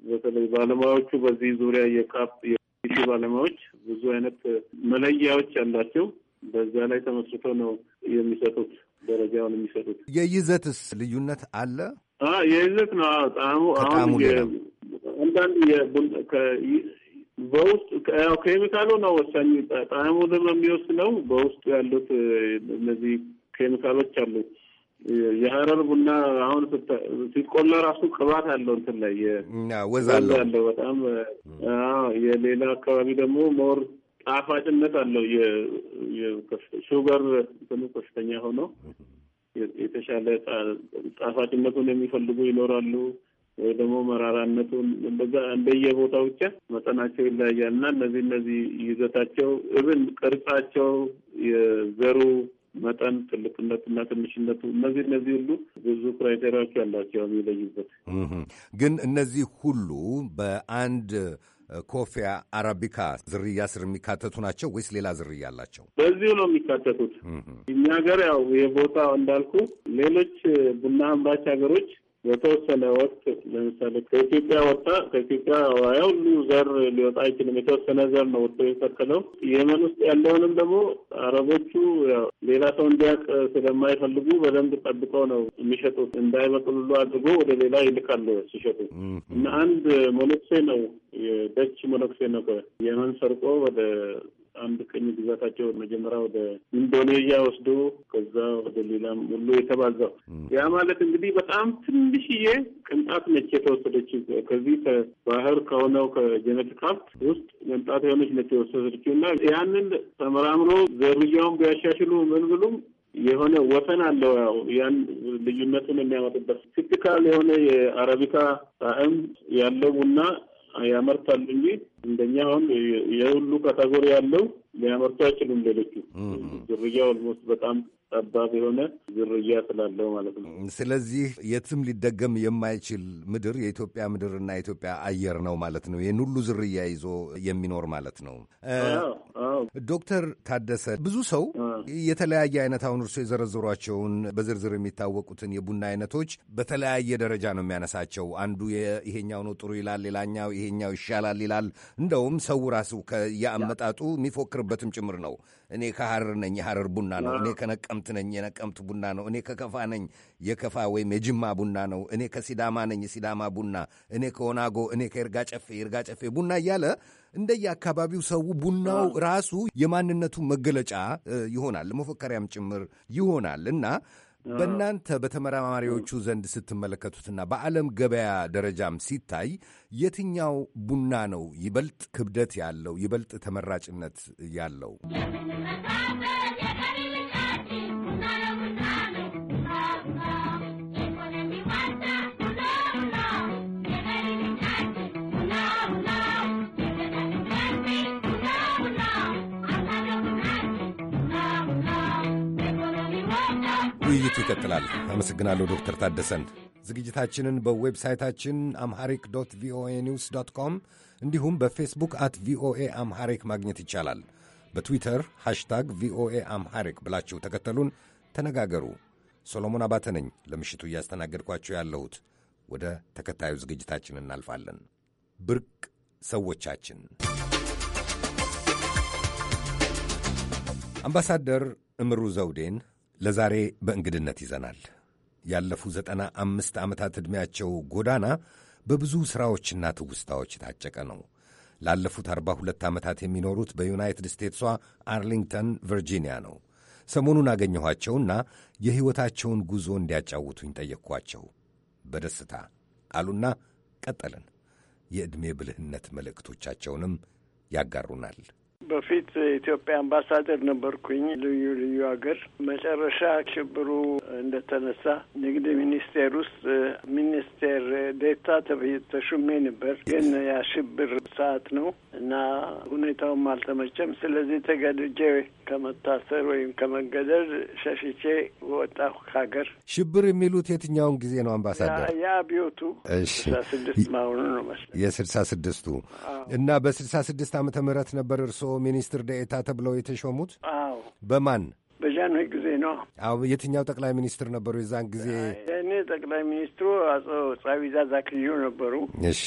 በተለይ ባለሙያዎቹ በዚህ ዙሪያ የካፕ የአሲዲቲ ባለሙያዎች ብዙ አይነት መለያዎች አላቸው። በዛ ላይ ተመስርቶ ነው የሚሰጡት ደረጃውን የሚሰጡት። የይዘትስ ልዩነት አለ? የይዘት ነው ጣዕሙ አሁን አንዳንዱ በውስጥ ኬሚካሉ ነው ወሳኝ። ጣዕሙ ደግሞ የሚወስነው በውስጡ ያሉት እነዚህ ኬሚካሎች አሉ። የሀረር ቡና አሁን ሲቆላ ራሱ ቅባት አለው እንትን ላይ ወዝ አለው በጣም። የሌላ አካባቢ ደግሞ ሞር ጣፋጭነት አለው። ሹገር እንትኑ ከፍተኛ ሆኖ የተሻለ ጣፋጭነቱን የሚፈልጉ ይኖራሉ። ወይ ደግሞ መራራነቱን እንደዛ እንደየቦታው ብቻ መጠናቸው ይለያያል እና እነዚህ እነዚህ ይዘታቸው እብን ቅርጻቸው፣ የዘሩ መጠን ትልቅነት እና ትንሽነቱ እነዚህ እነዚህ ሁሉ ብዙ ክራይቴሪያዎች ያላቸው የሚለዩበት ግን እነዚህ ሁሉ በአንድ ኮፊያ አረቢካ ዝርያ ስር የሚካተቱ ናቸው ወይስ ሌላ ዝርያ አላቸው? በዚሁ ነው የሚካተቱት። እኛ ሀገር ያው የቦታ እንዳልኩ ሌሎች ቡና አምራች ሀገሮች የተወሰነ ወቅት ለምሳሌ ከኢትዮጵያ ወጣ ከኢትዮጵያ ያ ሁሉ ዘር ሊወጣ አይችልም። የተወሰነ ዘር ነው ወጥቶ የሰከለው። የመን ውስጥ ያለውንም ደግሞ አረቦቹ ሌላ ሰው እንዲያውቅ ስለማይፈልጉ በደንብ ጠብቀው ነው የሚሸጡት። እንዳይበቅሉሉ አድርጎ ወደ ሌላ ይልካሉ ሲሸጡ እና አንድ ሞኖክሴ ነው የደች ሞኖክሴ ነው የመን ሰርቆ ወደ አንድ ቅኝ ግዛታቸው መጀመሪያ ወደ ኢንዶኔዥያ ወስዶ ከዛ ወደ ሌላም ሁሉ የተባዛው ያ ማለት እንግዲህ በጣም ትንሽዬ ቅንጣት ነች የተወሰደች። ከዚህ ከባህር ከሆነው ከጀነቲክ ሀብት ውስጥ ቅንጣት የሆነች ነች የወሰደችው እና ያንን ተመራምሮ ዝርያውን ቢያሻሽሉ ምን ብሉም የሆነ ወሰን አለው። ያው ያን ልዩነቱን የሚያመጡበት ቲፒካል የሆነ የአረቢካ ጣዕም ያለው ቡና ያመርታሉ እንጂ እንደኛ አሁን የሁሉ ካታጎሪ ያለው ሊያመርቱ አይችሉም። ሌሎቹ ዝርያ ኦልሞስት በጣም ጠባብ የሆነ ዝርያ ስላለው ማለት ነው። ስለዚህ የትም ሊደገም የማይችል ምድር የኢትዮጵያ ምድርና የኢትዮጵያ አየር ነው ማለት ነው። ይህን ሁሉ ዝርያ ይዞ የሚኖር ማለት ነው። ዶክተር ታደሰ ብዙ ሰው የተለያየ አይነት አሁን እርሶ የዘረዘሯቸውን በዝርዝር የሚታወቁትን የቡና አይነቶች በተለያየ ደረጃ ነው የሚያነሳቸው። አንዱ ይሄኛው ነው ጥሩ ይላል፣ ሌላኛው ይሄኛው ይሻላል ይላል። እንደውም ሰው ራሱ የአመጣጡ የሚፎክርበትም ጭምር ነው። እኔ ከሐረር ነኝ የሐረር ቡና ነው፣ እኔ ከነቀምት ነኝ የነቀምት ቡና ነው፣ እኔ ከከፋ ነኝ የከፋ ወይም የጅማ ቡና ነው፣ እኔ ከሲዳማ ነኝ የሲዳማ ቡና፣ እኔ ከወናጎ፣ እኔ ከይርጋ ጨፌ ይርጋ ጨፌ ቡና እያለ እንደየአካባቢው ሰው ቡናው ራሱ የማንነቱ መገለጫ ይሆናል፣ ለመፎከሪያም ጭምር ይሆናል እና በእናንተ በተመራማሪዎቹ ዘንድ ስትመለከቱትና በዓለም ገበያ ደረጃም ሲታይ የትኛው ቡና ነው ይበልጥ ክብደት ያለው ይበልጥ ተመራጭነት ያለው? ውይይቱ ይቀጥላል። አመሰግናለሁ ዶክተር ታደሰን። ዝግጅታችንን በዌብሳይታችን አምሐሪክ ዶት ቪኦኤ ኒውስ ዶት ኮም እንዲሁም በፌስቡክ አት ቪኦኤ አምሐሪክ ማግኘት ይቻላል። በትዊተር ሃሽታግ ቪኦኤ አምሐሪክ ብላችሁ ተከተሉን፣ ተነጋገሩ። ሶሎሞን አባተ ነኝ ለምሽቱ እያስተናገድኳችሁ ያለሁት። ወደ ተከታዩ ዝግጅታችን እናልፋለን። ብርቅ ሰዎቻችን አምባሳደር እምሩ ዘውዴን ለዛሬ በእንግድነት ይዘናል። ያለፉ ዘጠና አምስት ዓመታት ዕድሜያቸው ጎዳና በብዙ ሥራዎችና ትውስታዎች የታጨቀ ነው። ላለፉት አርባ ሁለት ዓመታት የሚኖሩት በዩናይትድ ስቴትሷ አርሊንግተን ቨርጂኒያ ነው። ሰሞኑን አገኘኋቸውና የሕይወታቸውን ጉዞ እንዲያጫውቱኝ ጠየቅኳቸው። በደስታ አሉና ቀጠልን። የዕድሜ ብልህነት መልእክቶቻቸውንም ያጋሩናል። በፊት የኢትዮጵያ አምባሳደር ነበርኩኝ ልዩ ልዩ ሀገር። መጨረሻ ሽብሩ እንደተነሳ ንግድ ሚኒስቴር ውስጥ ሚኒስቴር ዴታ ተሹሜ ነበር። ግን ያ ሽብር ሰዓት ነው እና ሁኔታውም አልተመቸም። ስለዚህ ተገድጄ ከመታሰር ወይም ከመገደል ሸሽቼ ወጣሁ ከሀገር። ሽብር የሚሉት የትኛውን ጊዜ ነው አምባሳደር? የአብዮቱ ስልሳ ስድስት ነው መስለኝ የስልሳ ስድስቱ እና በስልሳ ስድስት ዓመተ ምህረት ነበር እርስዎ ሚኒስትር ደኤታ ተብለው የተሾሙት? አዎ። በማን በጃንሆይ ጊዜ ነው። አዎ። የትኛው ጠቅላይ ሚኒስትር ነበሩ የዛን ጊዜ? እኔ ጠቅላይ ሚኒስትሩ አቶ ጻዊዛ ዛክዩ ነበሩ። እሺ።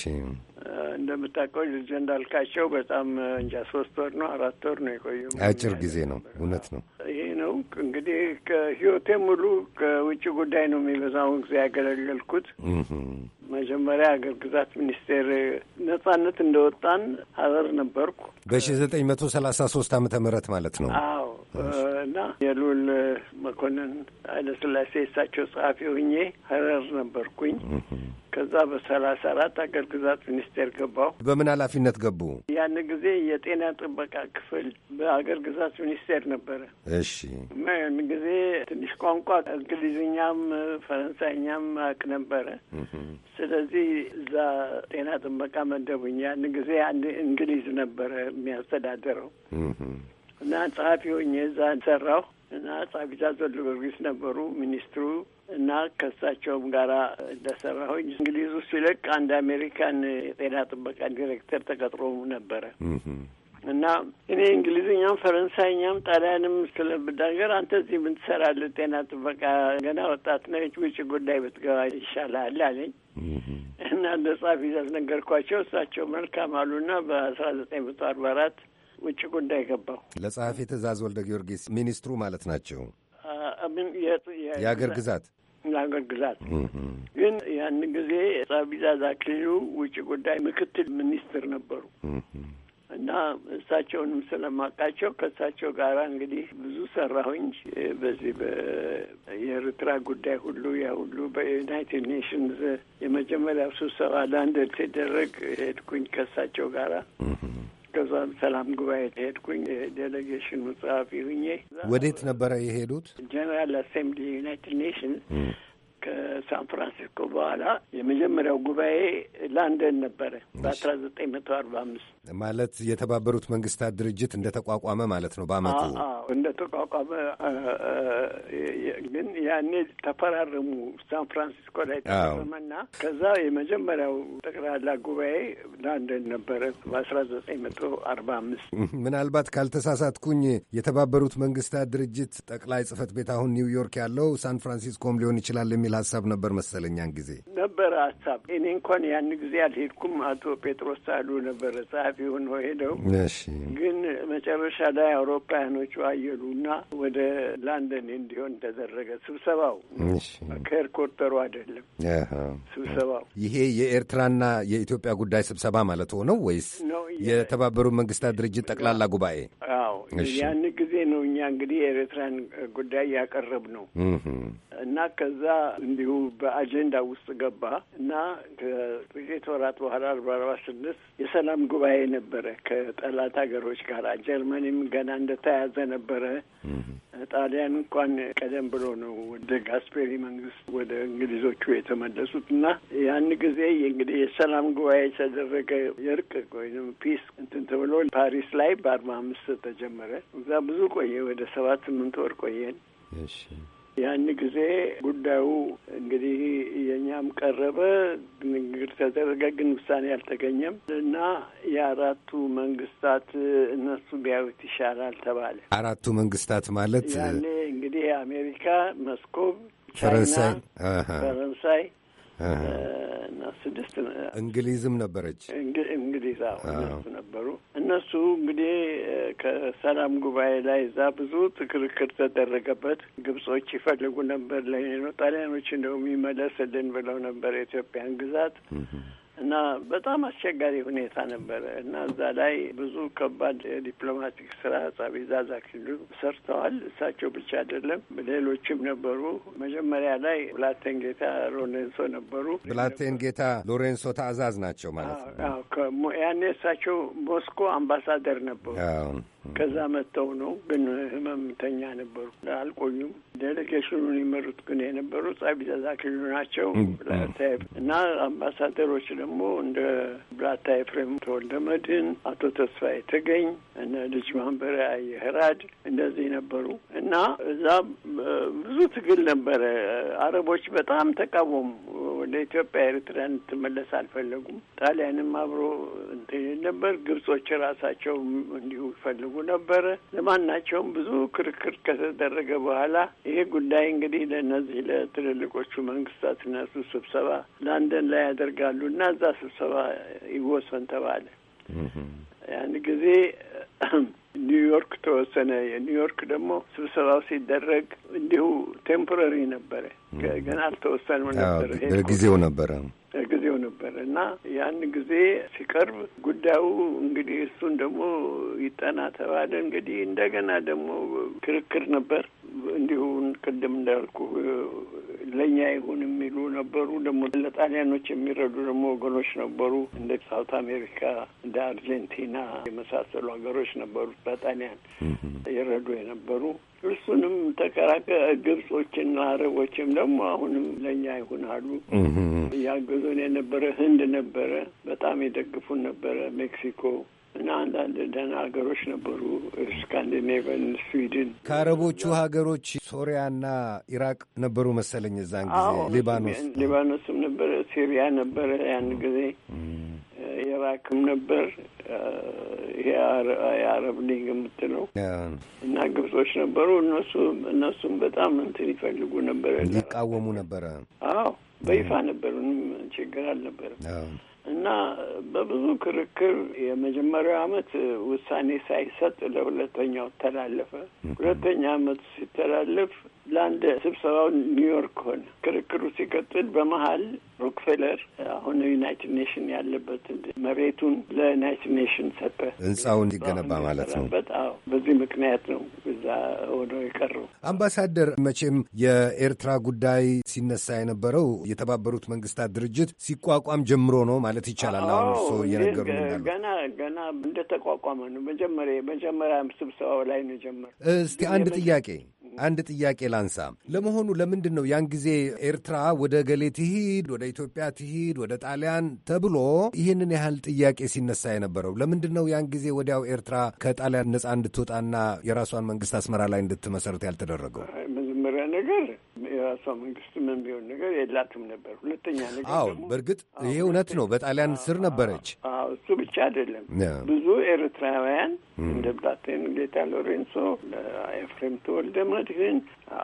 እንደምታውቀው ልጅ እንዳልካቸው በጣም እንጃ ሶስት ወር ነው አራት ወር ነው የቆዩ። አጭር ጊዜ ነው። እውነት ነው። ይሄ ነው እንግዲህ ከህይወቴ ሙሉ ከውጭ ጉዳይ ነው የሚበዛውን ጊዜ ያገለገልኩት። መጀመሪያ አገር ግዛት ሚኒስቴር ነጻነት እንደወጣን ሀረር ነበርኩ በሺ ዘጠኝ መቶ ሰላሳ ሶስት አመተ ምህረት ማለት ነው። አዎ እና የሉል መኮንን ኃይለስላሴ እሳቸው ጸሐፊ ሁኜ ሀረር ነበርኩኝ። ከዛ በሰላሳ አራት አገር ግዛት ሚኒስቴር ገባሁ። በምን ኃላፊነት ገቡ? ያን ጊዜ የጤና ጥበቃ ክፍል በአገር ግዛት ሚኒስቴር ነበረ። እሺ። ያን ጊዜ ትንሽ ቋንቋ እንግሊዝኛም ፈረንሳይኛም አቅ ነበረ። ስለዚህ እዛ ጤና ጥበቃ መደቡኝ። ያን ጊዜ አንድ እንግሊዝ ነበረ የሚያስተዳደረው እና ጸሐፊ ሆኜ እዛ ሰራሁ እና ጸሐፊ ዛዘሉ ጊዮርጊስ ነበሩ ሚኒስትሩ እና ከሳቸውም ጋር እንደሰራሁኝ እንግሊዝ ውስጥ ሲለቅ አንድ አሜሪካን የጤና ጥበቃ ዲሬክተር ተቀጥሮ ነበረ እና እኔ እንግሊዝኛም ፈረንሳይኛም ጣሊያንም ስለምናገር አንተ እዚህ ምን ትሰራለህ? ጤና ጥበቃ ገና ወጣት ነች፣ ውጭ ጉዳይ ብትገባ ይሻላል አለኝ እና እንደ ጻፊ ያስነገርኳቸው እሳቸው መልካም አሉና በአስራ ዘጠኝ መቶ አርባ አራት ውጭ ጉዳይ ገባሁ። ለጸሐፊ ትእዛዝ ወልደ ጊዮርጊስ ሚኒስትሩ ማለት ናቸው የአገር ግዛት ያገለግላል። ግን ያን ጊዜ ጻቢዛ አክሊሉ ውጭ ጉዳይ ምክትል ሚኒስትር ነበሩ እና እሳቸውንም ስለማውቃቸው ከእሳቸው ጋር እንግዲህ ብዙ ሰራሁኝ። በዚህ የኤርትራ ጉዳይ ሁሉ ያ ሁሉ በዩናይትድ ኔሽንስ የመጀመሪያው ስብሰባ ለአንድ ሲደረግ ሄድኩኝ ከእሳቸው ጋራ ከዛ ሰላም ጉባኤ ተሄድኩኝ ዴሌጌሽኑ ጸሐፊ ሁኜ። ወዴት ነበረ የሄዱት? ጀነራል አሴምብሊ ዩናይትድ ኔሽንስ ከሳን ፍራንሲስኮ በኋላ የመጀመሪያው ጉባኤ ላንደን ነበረ በአስራ ዘጠኝ መቶ አርባ አምስት ማለት የተባበሩት መንግስታት ድርጅት እንደ ተቋቋመ ማለት ነው። በአመቱ እንደ ተቋቋመ ግን ያኔ ተፈራረሙ ሳን ፍራንሲስኮ ላይ ተፈረመና ከዛ የመጀመሪያው ጠቅላላ ጉባኤ ላንደን ነበረ በአስራ ዘጠኝ መቶ አርባ አምስት ምናልባት ካልተሳሳትኩኝ የተባበሩት መንግስታት ድርጅት ጠቅላይ ጽህፈት ቤት አሁን ኒውዮርክ ያለው ሳን ፍራንሲስኮም ሊሆን ይችላል የሚ የሚል ሀሳብ ነበር መሰለኛን ጊዜ ነበረ ሀሳብ። እኔ እንኳን ያን ጊዜ አልሄድኩም። አቶ ጴጥሮስ ሳሉ ነበረ ጸሐፊ ሆኖ ሄደው፣ ግን መጨረሻ ላይ አውሮፕላኖቹ አየሉና ወደ ላንደን እንዲሆን ተደረገ ስብሰባው። ከሄድኮርተሩ አይደለም ስብሰባው። ይሄ የኤርትራና የኢትዮጵያ ጉዳይ ስብሰባ ማለት ሆነው ወይስ የተባበሩት መንግስታት ድርጅት ጠቅላላ ጉባኤ? አዎ ያን ጊዜ ነው እኛ እንግዲህ የኤርትራን ጉዳይ ያቀረብ ነው እና ከዛ እንዲሁ በአጀንዳ ውስጥ ገባ ገባ እና ከጥቂት ወራት በኋላ አርባ አርባ ስድስት የሰላም ጉባኤ ነበረ ከጠላት ሀገሮች ጋር። ጀርመኒም ገና እንደተያዘ ነበረ። ጣሊያን እንኳን ቀደም ብሎ ነው ወደ ጋስፔሪ መንግስት ወደ እንግሊዞቹ የተመለሱት እና ያን ጊዜ እንግዲህ የሰላም ጉባኤ የተደረገ የእርቅ ወይም ፒስ እንትን ተብሎ ፓሪስ ላይ በአርባ አምስት ተጀመረ። እዛ ብዙ ቆየ፣ ወደ ሰባት ስምንት ወር ቆየን። ያን ጊዜ ጉዳዩ እንግዲህ የእኛም ቀረበ፣ ንግግር ተደረገ፣ ግን ውሳኔ አልተገኘም እና የአራቱ መንግስታት እነሱ ቢያዩት ይሻላል ተባለ። አራቱ መንግስታት ማለት ያኔ እንግዲህ የአሜሪካ መስኮብ፣ ቻይና፣ ፈረንሳይ እና ስድስት እንግሊዝም ነበረች እንግሊዝ አሁን ነበሩ። እነሱ እንግዲህ ከሰላም ጉባኤ ላይ እዛ ብዙ ትክርክር ተደረገበት። ግብጾች ይፈልጉ ነበር ለኔ ነው ጣሊያኖች እንደውም ይመለስልን ብለው ነበር የኢትዮጵያን ግዛት እና በጣም አስቸጋሪ ሁኔታ ነበረ እና እዛ ላይ ብዙ ከባድ ዲፕሎማቲክ ስራ አጻቢ ዛዛ ኪሉ ሰርተዋል። እሳቸው ብቻ አይደለም፣ ሌሎችም ነበሩ። መጀመሪያ ላይ ብላቴን ጌታ ሎሬንሶ ነበሩ። ብላቴን ጌታ ሎሬንሶ ታእዛዝ ናቸው ማለት ነው። ያኔ እሳቸው ሞስኮ አምባሳደር ነበሩ። ከዛ መጥተው ነው ግን ህመምተኛ ነበሩ፣ አልቆዩም። ዴሌጌሽኑን ይመሩት ግን የነበሩ ጻቢዛ አክሊሉ ናቸው ብላታ እና አምባሳደሮች ደግሞ እንደ ብላታ ፍሬም ተወልደ መድህን፣ አቶ ተስፋዬ ተገኝ፣ እነ ልጅ ማንበሪያ አየህራድ እንደዚህ ነበሩ እና እዛ ብዙ ትግል ነበረ። አረቦች በጣም ተቃወሙ። ወደ ኢትዮጵያ ኤርትራ እንድትመለስ አልፈለጉም። ጣሊያንም አብሮ እንትን ነበር። ግብጾች ራሳቸው እንዲሁ ይፈልጉ ነበረ። ለማናቸውም ብዙ ክርክር ከተደረገ በኋላ ይሄ ጉዳይ እንግዲህ ለእነዚህ ለትልልቆቹ መንግስታት እነሱ ስብሰባ ላንደን ላይ ያደርጋሉ እና እዛ ስብሰባ ይወሰን ተባለ። ያን ጊዜ ኒውዮርክ ተወሰነ። የኒውዮርክ ደግሞ ስብሰባው ሲደረግ እንዲሁ ቴምፖረሪ ነበረ፣ ገና አልተወሰነም ነበረ፣ ነበረ። ጊዜው ነበር እና ያን ጊዜ ሲቀርብ ጉዳዩ እንግዲህ እሱን ደግሞ ይጠና ተባለ። እንግዲህ እንደገና ደግሞ ክርክር ነበር። እንዲሁ ቅድም እንዳልኩ ለእኛ ይሁን የሚሉ ነበሩ። ደግሞ ለጣሊያኖች የሚረዱ ደግሞ ወገኖች ነበሩ። እንደ ሳውት አሜሪካ፣ እንደ አርጀንቲና የመሳሰሉ ሀገሮች ነበሩ በጣሊያን የረዱ የነበሩ እሱንም ተከራከ ግብጾችና አረቦችም ደግሞ አሁንም ለእኛ ይሆናሉ ያገዙን የነበረ ህንድ ነበረ፣ በጣም የደግፉን ነበረ። ሜክሲኮ እና አንዳንድ ደህና ሀገሮች ነበሩ፣ ስካንዲኔቨን፣ ስዊድን። ከአረቦቹ ሀገሮች ሶሪያና ኢራቅ ነበሩ መሰለኝ፣ እዛን ጊዜ ሊባኖስ ሊባኖስም ነበረ፣ ሲሪያ ነበረ ያን ጊዜ ኢራክም ነበር የአረብ ሊግ የምትለው እና ግብጾች ነበሩ። እነሱ እነሱም በጣም እንትን ይፈልጉ ነበረ፣ ሊቃወሙ ነበረ። አዎ በይፋ ነበር። ምንም ችግር አልነበረም። እና በብዙ ክርክር የመጀመሪያው አመት ውሳኔ ሳይሰጥ ለሁለተኛው ተላለፈ። ሁለተኛ አመቱ ሲተላለፍ ለአንድ ስብሰባው ኒውዮርክ ሆነ። ክርክሩ ሲቀጥል በመሀል ሮክፌለር አሁን ዩናይትድ ኔሽን ያለበት መሬቱን ለዩናይትድ ኔሽን ሰጠ። ህንጻው እንዲገነባ ማለት ነው። በጣም በዚህ ምክንያት ነው እንደዛ ሆኖ የቀረው። አምባሳደር መቼም የኤርትራ ጉዳይ ሲነሳ የነበረው የተባበሩት መንግስታት ድርጅት ሲቋቋም ጀምሮ ነው ማለት ይቻላል። አሁን እርስዎ እየነገሩ ገና ገና እንደተቋቋመ ነው። መጀመሪያ መጀመሪያ ስብሰባው ላይ ነው ጀመር። እስቲ አንድ ጥያቄ አንድ ጥያቄ ላንሳ። ለመሆኑ ለምንድን ነው ያን ጊዜ ኤርትራ ወደ ገሌ ትሂድ፣ ወደ ኢትዮጵያ ትሂድ፣ ወደ ጣሊያን ተብሎ ይህንን ያህል ጥያቄ ሲነሳ የነበረው? ለምንድን ነው ያን ጊዜ ወዲያው ኤርትራ ከጣሊያን ነፃ እንድትወጣና የራሷን መንግስት አስመራ ላይ እንድትመሰረት ያልተደረገው? የመጀመሪያ ነገር የራሷ መንግስት ምን ቢሆን ነገር የላትም ነበር። ሁለተኛ ነገር አዎ፣ በእርግጥ ይሄ እውነት ነው። በጣሊያን ስር ነበረች። አዎ፣ እሱ ብቻ አይደለም። ብዙ ኤርትራውያን እንደ ብላቴን ጌታ ሎሬንሶ፣ ኤፍሬም ተወልደ መድህን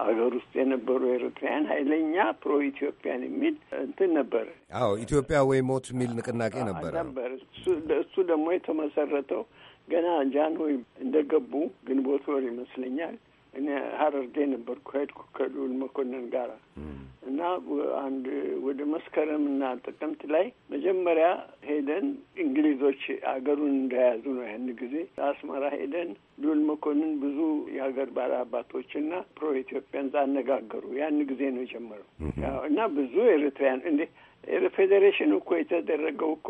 አገር ውስጥ የነበሩ ኤርትራውያን ኃይለኛ ፕሮ ኢትዮጵያን የሚል እንትን ነበር። አዎ፣ ኢትዮጵያ ወይ ሞት የሚል ንቅናቄ ነበር ነበር። እሱ ደግሞ የተመሰረተው ገና ጃንሆይ እንደገቡ ግንቦት ወር ይመስለኛል እኔ ሀረርዴ ነበርኩ ሄድኩ ከልዑል መኮንን ጋር እና አንድ ወደ መስከረም እና ጥቅምት ላይ መጀመሪያ ሄደን እንግሊዞች አገሩን እንደያዙ ነው። ያን ጊዜ አስመራ ሄደን ልዑል መኮንን ብዙ የሀገር ባለአባቶችና ፕሮ ኢትዮጵያንስ አነጋገሩ። ያን ጊዜ ነው የጀመረው እና ብዙ ኤርትራያን እንዴ ፌዴሬሽን እኮ የተደረገው እኮ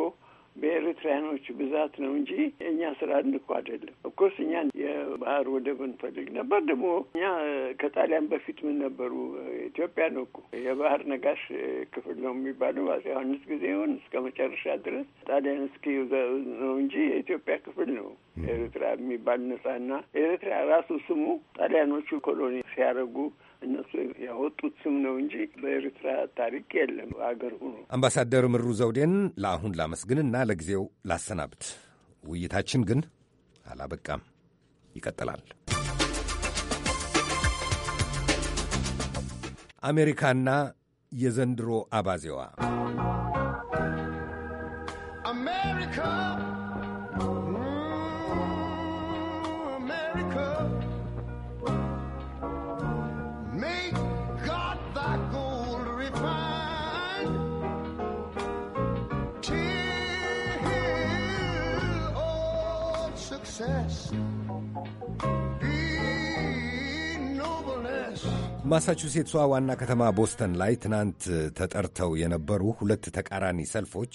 በኤርትራያኖች ብዛት ነው እንጂ እኛ ስራ እንኮ አይደለም። ኦፍኮርስ እኛ የባህር ወደብ እንፈልግ ነበር። ደግሞ እኛ ከጣሊያን በፊት ምን ነበሩ ኢትዮጵያ ነው እኮ የባህር ነጋሽ ክፍል ነው የሚባለው አጼ ዮሐንስ ጊዜ ይሁን እስከ መጨረሻ ድረስ ጣሊያን እስኪ ነው እንጂ የኢትዮጵያ ክፍል ነው ኤርትራ የሚባል ነጻና ኤርትራ ራሱ ስሙ ጣሊያኖቹ ኮሎኒ ሲያደርጉ እነሱ ያወጡት ስም ነው እንጂ በኤርትራ ታሪክ የለም አገር ሆኖ። አምባሳደር ምሩ ዘውዴን ለአሁን ላመስግንና ለጊዜው ላሰናብት። ውይይታችን ግን አላበቃም፣ ይቀጥላል። አሜሪካና የዘንድሮ አባዜዋ ማሳቹሴትሷ ዋና ከተማ ቦስተን ላይ ትናንት ተጠርተው የነበሩ ሁለት ተቃራኒ ሰልፎች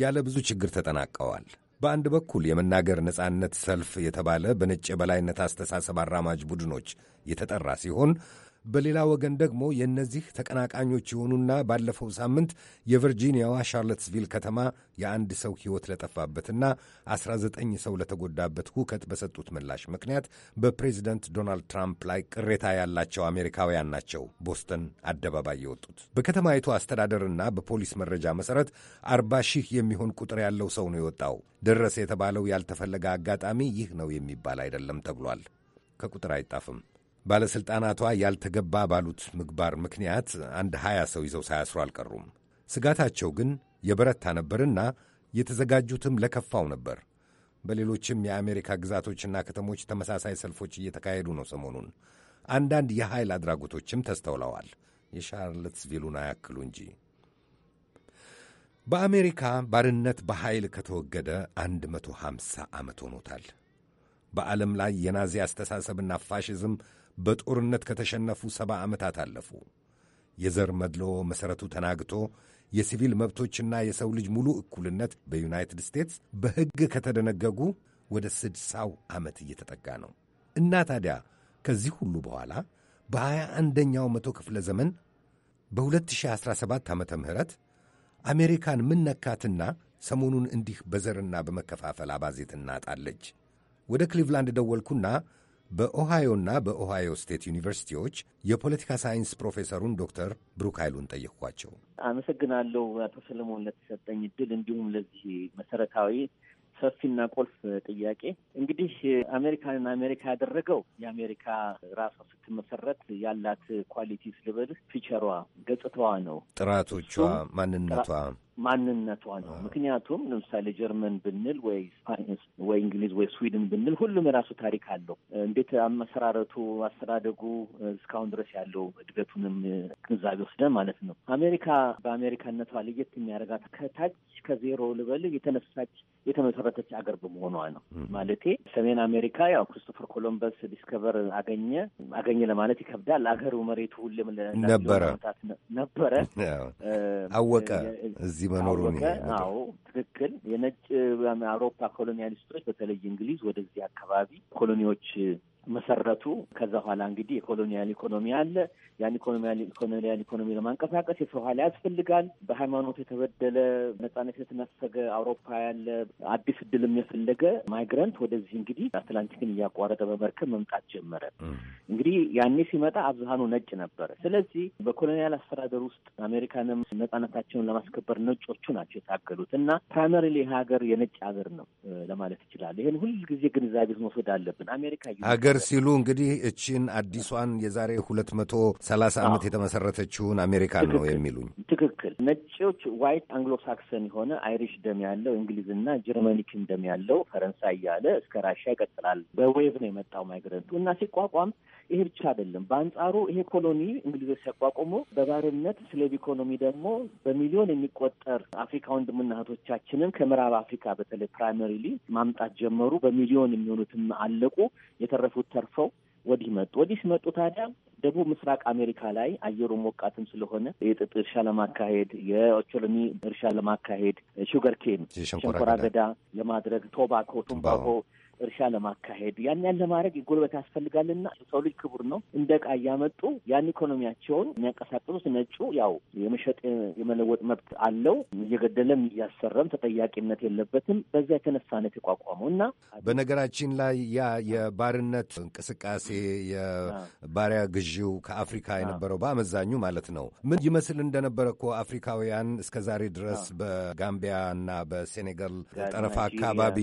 ያለ ብዙ ችግር ተጠናቀዋል። በአንድ በኩል የመናገር ነጻነት ሰልፍ የተባለ በነጭ የበላይነት አስተሳሰብ አራማጅ ቡድኖች የተጠራ ሲሆን በሌላ ወገን ደግሞ የእነዚህ ተቀናቃኞች የሆኑና ባለፈው ሳምንት የቨርጂኒያዋ ሻርለትስቪል ከተማ የአንድ ሰው ሕይወት ለጠፋበትና 19 ሰው ለተጎዳበት ሁከት በሰጡት ምላሽ ምክንያት በፕሬዚደንት ዶናልድ ትራምፕ ላይ ቅሬታ ያላቸው አሜሪካውያን ናቸው ቦስተን አደባባይ የወጡት። በከተማይቱ አስተዳደርና በፖሊስ መረጃ መሠረት 40 ሺህ የሚሆን ቁጥር ያለው ሰው ነው የወጣው። ደረሰ የተባለው ያልተፈለገ አጋጣሚ ይህ ነው የሚባል አይደለም ተብሏል። ከቁጥር አይጣፍም። ባለሥልጣናቷ ያልተገባ ባሉት ምግባር ምክንያት አንድ ሀያ ሰው ይዘው ሳያስሩ አልቀሩም። ስጋታቸው ግን የበረታ ነበርና የተዘጋጁትም ለከፋው ነበር። በሌሎችም የአሜሪካ ግዛቶችና ከተሞች ተመሳሳይ ሰልፎች እየተካሄዱ ነው። ሰሞኑን አንዳንድ የኃይል አድራጎቶችም ተስተውለዋል። የሻርለትስቪሉን አያክሉ እንጂ። በአሜሪካ ባርነት በኃይል ከተወገደ 150 ዓመት ሆኖታል። በዓለም ላይ የናዚ አስተሳሰብና ፋሽዝም በጦርነት ከተሸነፉ ሰባ ዓመታት አለፉ። የዘር መድሎ መሠረቱ ተናግቶ የሲቪል መብቶችና የሰው ልጅ ሙሉ እኩልነት በዩናይትድ ስቴትስ በሕግ ከተደነገጉ ወደ ስድሳው ዓመት እየተጠጋ ነው እና ታዲያ ከዚህ ሁሉ በኋላ በሀያ አንደኛው መቶ ክፍለ ዘመን በ2017 ዓመተ ምህረት አሜሪካን ምን ነካትና ሰሞኑን እንዲህ በዘርና በመከፋፈል አባዜ ትናጣለች? ወደ ክሊቭላንድ ደወልኩና በኦሃዮና በኦሃዮ ስቴት ዩኒቨርሲቲዎች የፖለቲካ ሳይንስ ፕሮፌሰሩን ዶክተር ብሩክ ኃይሉን ጠየቅኳቸው። አመሰግናለሁ አቶ ሰለሞን ለተሰጠኝ እድል እንዲሁም ለዚህ መሰረታዊ ሰፊና ቁልፍ ጥያቄ። እንግዲህ አሜሪካንን አሜሪካ ያደረገው የአሜሪካ ራሷ ስትመሰረት ያላት ኳሊቲ ስልበልህ ፊቸሯ፣ ገጽታዋ ነው። ጥራቶቿ፣ ማንነቷ ማንነቷ ነው። ምክንያቱም ለምሳሌ ጀርመን ብንል ወይ ወይ እንግሊዝ ወይ ስዊድን ብንል ሁሉም የራሱ ታሪክ አለው። እንዴት አመሰራረቱ፣ አስተዳደጉ እስካሁን ድረስ ያለው እድገቱንም ግንዛቤ ወስደን ማለት ነው። አሜሪካ በአሜሪካነቷ ለየት የሚያደርጋት ከታች ከዜሮ ልበል የተነሳች የተመሰረተች አገር በመሆኗ ነው። ማለቴ ሰሜን አሜሪካ ያው ክሪስቶፈር ኮሎምበስ ዲስከቨር አገኘ አገኘ ለማለት ይከብዳል። አገሩ መሬቱ ሁሌም ነበረ ነበረ አወቀ እዚህ መኖሩ አዎ፣ ትክክል። የነጭ አውሮፓ ኮሎኒያሊስቶች በተለይ እንግሊዝ ወደዚህ አካባቢ ኮሎኒዎች መሰረቱ። ከዛ ኋላ እንግዲህ የኮሎኒያል ኢኮኖሚ አለ። ያን ኮሎኒያል ኢኮኖሚ ለማንቀሳቀስ የሰው ኃይል ያስፈልጋል። በሃይማኖት የተበደለ ነጻነት የተነፈገ አውሮፓ ያለ አዲስ እድልም የፈለገ ማይግራንት ወደዚህ እንግዲህ አትላንቲክን እያቋረጠ በመርከብ መምጣት ጀመረ። እንግዲህ ያኔ ሲመጣ አብዛኑ ነጭ ነበረ። ስለዚህ በኮሎኒያል አስተዳደር ውስጥ አሜሪካንም ነጻነታቸውን ለማስከበር ነጮቹ ናቸው የታገሉት እና ፕራይመሪሊ ሀገር የነጭ ሀገር ነው ለማለት ይችላል። ይህን ሁልጊዜ ግንዛቤ መውሰድ አለብን። አሜሪካ ነገር ሲሉ እንግዲህ እችን አዲሷን የዛሬ ሁለት መቶ ሰላሳ ዓመት የተመሰረተችውን አሜሪካን ነው የሚሉኝ። ትክክል ነጮች ዋይት አንግሎ ሳክሰን የሆነ አይሪሽ ደም ያለው እንግሊዝና ጀርመኒክን ደም ያለው ፈረንሳይ እያለ እስከ ራሻ ይቀጥላል። በዌቭ ነው የመጣው ማይግረንቱ እና ሲቋቋም ይሄ ብቻ አይደለም። በአንጻሩ ይሄ ኮሎኒ እንግሊዞች ሲያቋቁሙ በባርነት ስሌቭ ኢኮኖሚ ደግሞ በሚሊዮን የሚቆጠር አፍሪካ ወንድምና እህቶቻችንን ከምዕራብ አፍሪካ በተለይ ፕራይመሪሊ ማምጣት ጀመሩ። በሚሊዮን የሚሆኑትም አለቁ። የተረፉት ተርፈው ወዲህ መጡ። ወዲህ ሲመጡ ታዲያ ደቡብ ምስራቅ አሜሪካ ላይ አየሩ ሞቃትም ስለሆነ የጥጥ እርሻ ለማካሄድ የኦቾሎኒ እርሻ ለማካሄድ ሹገር ኬን፣ ሸንኮራ አገዳ ለማድረግ ቶባኮ፣ ቱምባኮ እርሻ ለማካሄድ ያን ያን ለማድረግ ጉልበት ያስፈልጋልና ሰው ልጅ ክቡር ነው። እንደ ዕቃ እያመጡ ያን ኢኮኖሚያቸውን የሚያንቀሳቅሱት ነጩ ያው የመሸጥ የመለወጥ መብት አለው። እየገደለም እያሰረም ተጠያቂነት የለበትም። በዛ የተነሳ ነው የተቋቋመው እና በነገራችን ላይ ያ የባርነት እንቅስቃሴ የባሪያ ግዢው ከአፍሪካ የነበረው በአመዛኙ ማለት ነው ምን ይመስል እንደነበረ እኮ አፍሪካውያን እስከ ዛሬ ድረስ በጋምቢያ እና በሴኔጋል ጠረፋ አካባቢ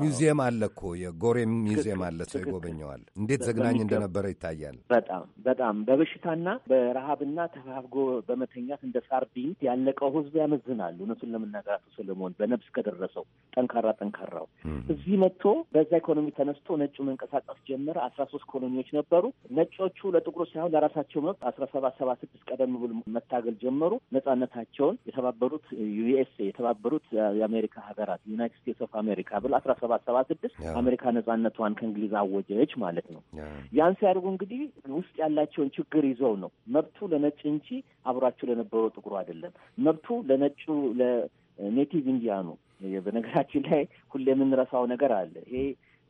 ሚውዚየም አለ እኮ እኮ የጎሬም ሚዚየም አለ። ሰው ይጎበኘዋል። እንዴት ዘግናኝ እንደነበረ ይታያል። በጣም በጣም በበሽታና በረሃብና ተፋፍጎ በመተኛት እንደ ሳርዲን ያለቀው ህዝብ ያመዝናሉ። እውነቱን ለምናገራቱ ሰለሞን በነብስ ከደረሰው ጠንካራ ጠንካራው እዚህ መጥቶ በዛ ኢኮኖሚ ተነስቶ ነጩ መንቀሳቀስ ጀመረ። አስራ ሶስት ኮሎኒዎች ነበሩ። ነጮቹ ለጥቁሮ ሳይሆን ለራሳቸው መብት አስራ ሰባት ሰባ ስድስት ቀደም ብሎ መታገል ጀመሩ። ነጻነታቸውን የተባበሩት ዩኤስኤ የተባበሩት የአሜሪካ ሀገራት ዩናይትድ ስቴትስ ኦፍ አሜሪካ ብሎ አስራ ሰባት ሰባ ስድስት አሜሪካ ነጻነቷን ከእንግሊዝ አወጀች ማለት ነው። ያን ሲያደርጉ እንግዲህ ውስጥ ያላቸውን ችግር ይዘው ነው። መብቱ ለነጭ እንጂ አብሯቸው ለነበረው ጥቁሩ አይደለም። መብቱ ለነጩ ለኔቲቭ ኢንዲያኑ። በነገራችን ላይ ሁሌ የምንረሳው ነገር አለ። ይሄ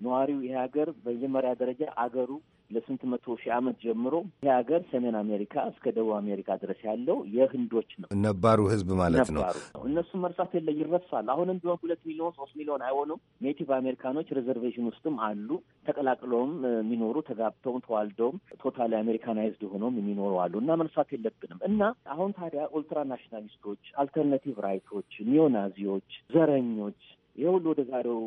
ነዋሪው ይሄ ሀገር በመጀመሪያ ደረጃ አገሩ ለስንት መቶ ሺህ ዓመት ጀምሮ ይህ ሀገር ሰሜን አሜሪካ እስከ ደቡብ አሜሪካ ድረስ ያለው የህንዶች ነው። ነባሩ ህዝብ ማለት ነው። እነሱ መርሳት የለ ይረሳል። አሁንም ቢሆን ሁለት ሚሊዮን ሶስት ሚሊዮን አይሆኑም። ኔቲቭ አሜሪካኖች ሪዘርቬሽን ውስጥም አሉ። ተቀላቅለውም የሚኖሩ ተጋብተውም ተዋልደውም ቶታሊ አሜሪካናይዝድ ሆነውም የሚኖሩ አሉ እና መርሳት የለብንም እና አሁን ታዲያ ኦልትራ ናሽናሊስቶች፣ አልተርናቲቭ ራይቶች፣ ኒዮናዚዎች፣ ዘረኞች ይህ ሁሉ ወደ ዛሬው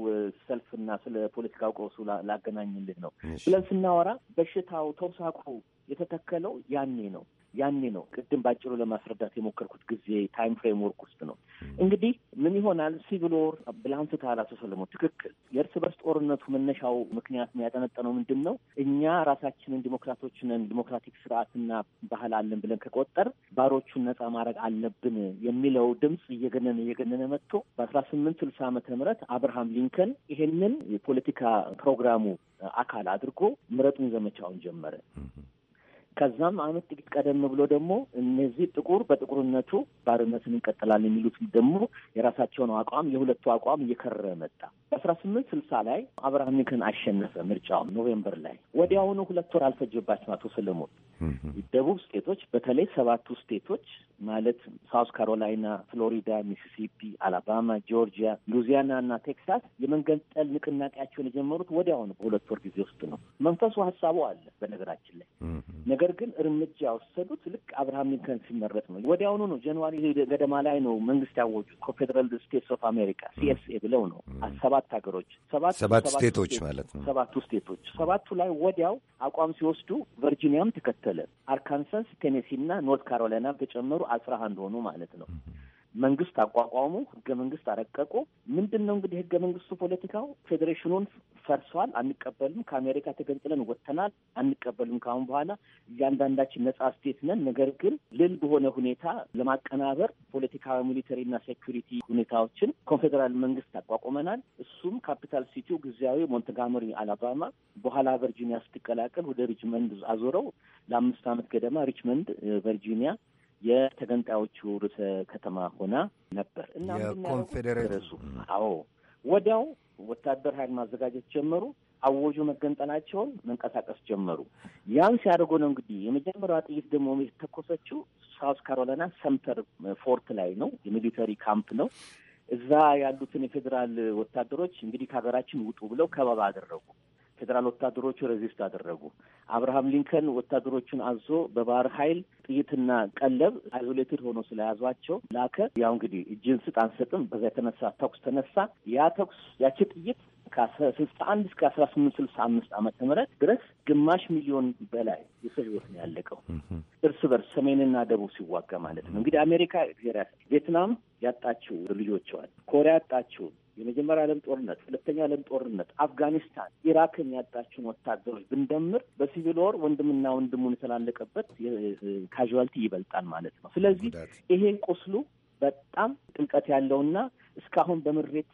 ሰልፍና ስለ ፖለቲካው ቀውሱ ላገናኝልህ ነው ብለን ስናወራ በሽታው ተውሳኩ የተተከለው ያኔ ነው። ያኔ ነው ቅድም ባጭሩ ለማስረዳት የሞከርኩት ጊዜ ታይም ፍሬምወርክ ውስጥ ነው። እንግዲህ ምን ይሆናል ሲቪል ወር ብለህ አንስተሃል ሰለሞን፣ ትክክል። የእርስ በርስ ጦርነቱ መነሻው ምክንያት ያጠነጠነው ምንድን ነው? እኛ ራሳችንን ዲሞክራቶች ነን ዲሞክራቲክ ስርዓትና ባህል አለን ብለን ከቆጠር ባሮቹን ነጻ ማድረግ አለብን የሚለው ድምፅ እየገነነ እየገነነ መጥቶ በአስራ ስምንት ስልሳ ዓመተ ምህረት አብርሃም ሊንከን ይሄንን የፖለቲካ ፕሮግራሙ አካል አድርጎ ምረጡን ዘመቻውን ጀመረ። ከዛም አመት ጥቂት ቀደም ብሎ ደግሞ እነዚህ ጥቁር በጥቁርነቱ ባርነትን እንቀጥላለን የሚሉት ደግሞ የራሳቸውን አቋም የሁለቱ አቋም እየከረረ መጣ። በአስራ ስምንት ስልሳ ላይ አብርሃም ሊንከን አሸነፈ ምርጫው ኖቬምበር ላይ። ወዲያውኑ ሁለት ወር አልፈጀባቸው አቶ ሰለሞን ደቡብ ስቴቶች በተለይ ሰባቱ ስቴቶች ማለት ሳውስ ካሮላይና፣ ፍሎሪዳ፣ ሚሲሲፒ፣ አላባማ፣ ጆርጂያ፣ ሉዚያና እና ቴክሳስ የመንገንጠል ንቅናቄያቸውን የጀመሩት ወዲያውኑ በሁለት ወር ጊዜ ውስጥ ነው። መንፈሱ ሀሳቡ አለ በነገራችን ላይ ነገር ግን እርምጃ የወሰዱት ልክ አብርሃም ሊንከን ሲመረጥ ነው። ወዲያውኑ ነው፣ ጃንዋሪ ገደማ ላይ ነው መንግስት ያወጁት። ኮፌደራል ስቴትስ ኦፍ አሜሪካ ሲኤስኤ ብለው ነው ሰባት ሀገሮች ሰባት ስቴቶች ማለት ነው። ሰባቱ ስቴቶች ሰባቱ ላይ ወዲያው አቋም ሲወስዱ ቨርጂኒያም ተከተለ። አርካንሳስ፣ ቴኔሲ እና ኖርት ካሮላይና ተጨመሩ። አስራ አንድ ሆኑ ማለት ነው። መንግስት አቋቋሙ፣ ህገ መንግስት አረቀቁ። ምንድን ነው እንግዲህ ህገ መንግስቱ ፖለቲካው ፌዴሬሽኑን ፈርሷል፣ አንቀበልም፣ ከአሜሪካ ተገንጥለን ወጥተናል፣ አንቀበልም፣ ከአሁን በኋላ እያንዳንዳችን ነጻ ስቴት ነን። ነገር ግን ልል በሆነ ሁኔታ ለማቀናበር ፖለቲካዊ፣ ሚሊተሪና ሴኩሪቲ ሁኔታዎችን ኮንፌዴራል መንግስት አቋቁመናል። እሱም ካፒታል ሲቲው ጊዜያዊ ሞንተጋመሪ አላባማ፣ በኋላ ቨርጂኒያ ስትቀላቀል ወደ ሪችመንድ አዞረው። ለአምስት ዓመት ገደማ ሪችመንድ ቨርጂኒያ የተገንጣዮቹ ርዕሰ ከተማ ሆና ነበር እና አዎ ወዲያው ወታደር ኃይል ማዘጋጀት ጀመሩ። አወጁ መገንጠናቸውን መንቀሳቀስ ጀመሩ። ያን ሲያደርጉ ነው እንግዲህ የመጀመሪያዋ ጥይት ደግሞ የተተኮሰችው ሳውስ ካሮላይና ሰምተር ፎርት ላይ ነው። የሚሊተሪ ካምፕ ነው። እዛ ያሉትን የፌዴራል ወታደሮች እንግዲህ ከሀገራችን ውጡ ብለው ከበባ አደረጉ። ፌዴራል ወታደሮቹ ሬዚስት አደረጉ። አብርሃም ሊንከን ወታደሮቹን አዞ በባህር ኃይል ጥይትና ቀለብ አይዞሌትድ ሆኖ ስለያዟቸው ላከ። ያው እንግዲህ እጅን ስጥ አንሰጥም። በዛ የተነሳ ተኩስ ተነሳ። ያ ተኩስ ያቺ ጥይት ከስልሳ አንድ እስከ አስራ ስምንት ስልሳ አምስት ዓመተ ምህረት ድረስ ግማሽ ሚሊዮን በላይ የሰው ህይወት ነው ያለቀው እርስ በርስ ሰሜንና ደቡብ ሲዋጋ ማለት ነው። እንግዲህ አሜሪካ ቪየትናም ያጣችው ልጆቿን፣ ኮሪያ ያጣችውን የመጀመሪያ ዓለም ጦርነት፣ ሁለተኛ ዓለም ጦርነት፣ አፍጋኒስታን፣ ኢራክን ያጣችውን ወታደሮች ብንደምር በሲቪል ወር ወንድምና ወንድሙን የተላለቀበት ካዥዋልቲ ይበልጣል ማለት ነው። ስለዚህ ይሄ ቁስሉ በጣም ጥልቀት ያለውና እስካሁን በምሬት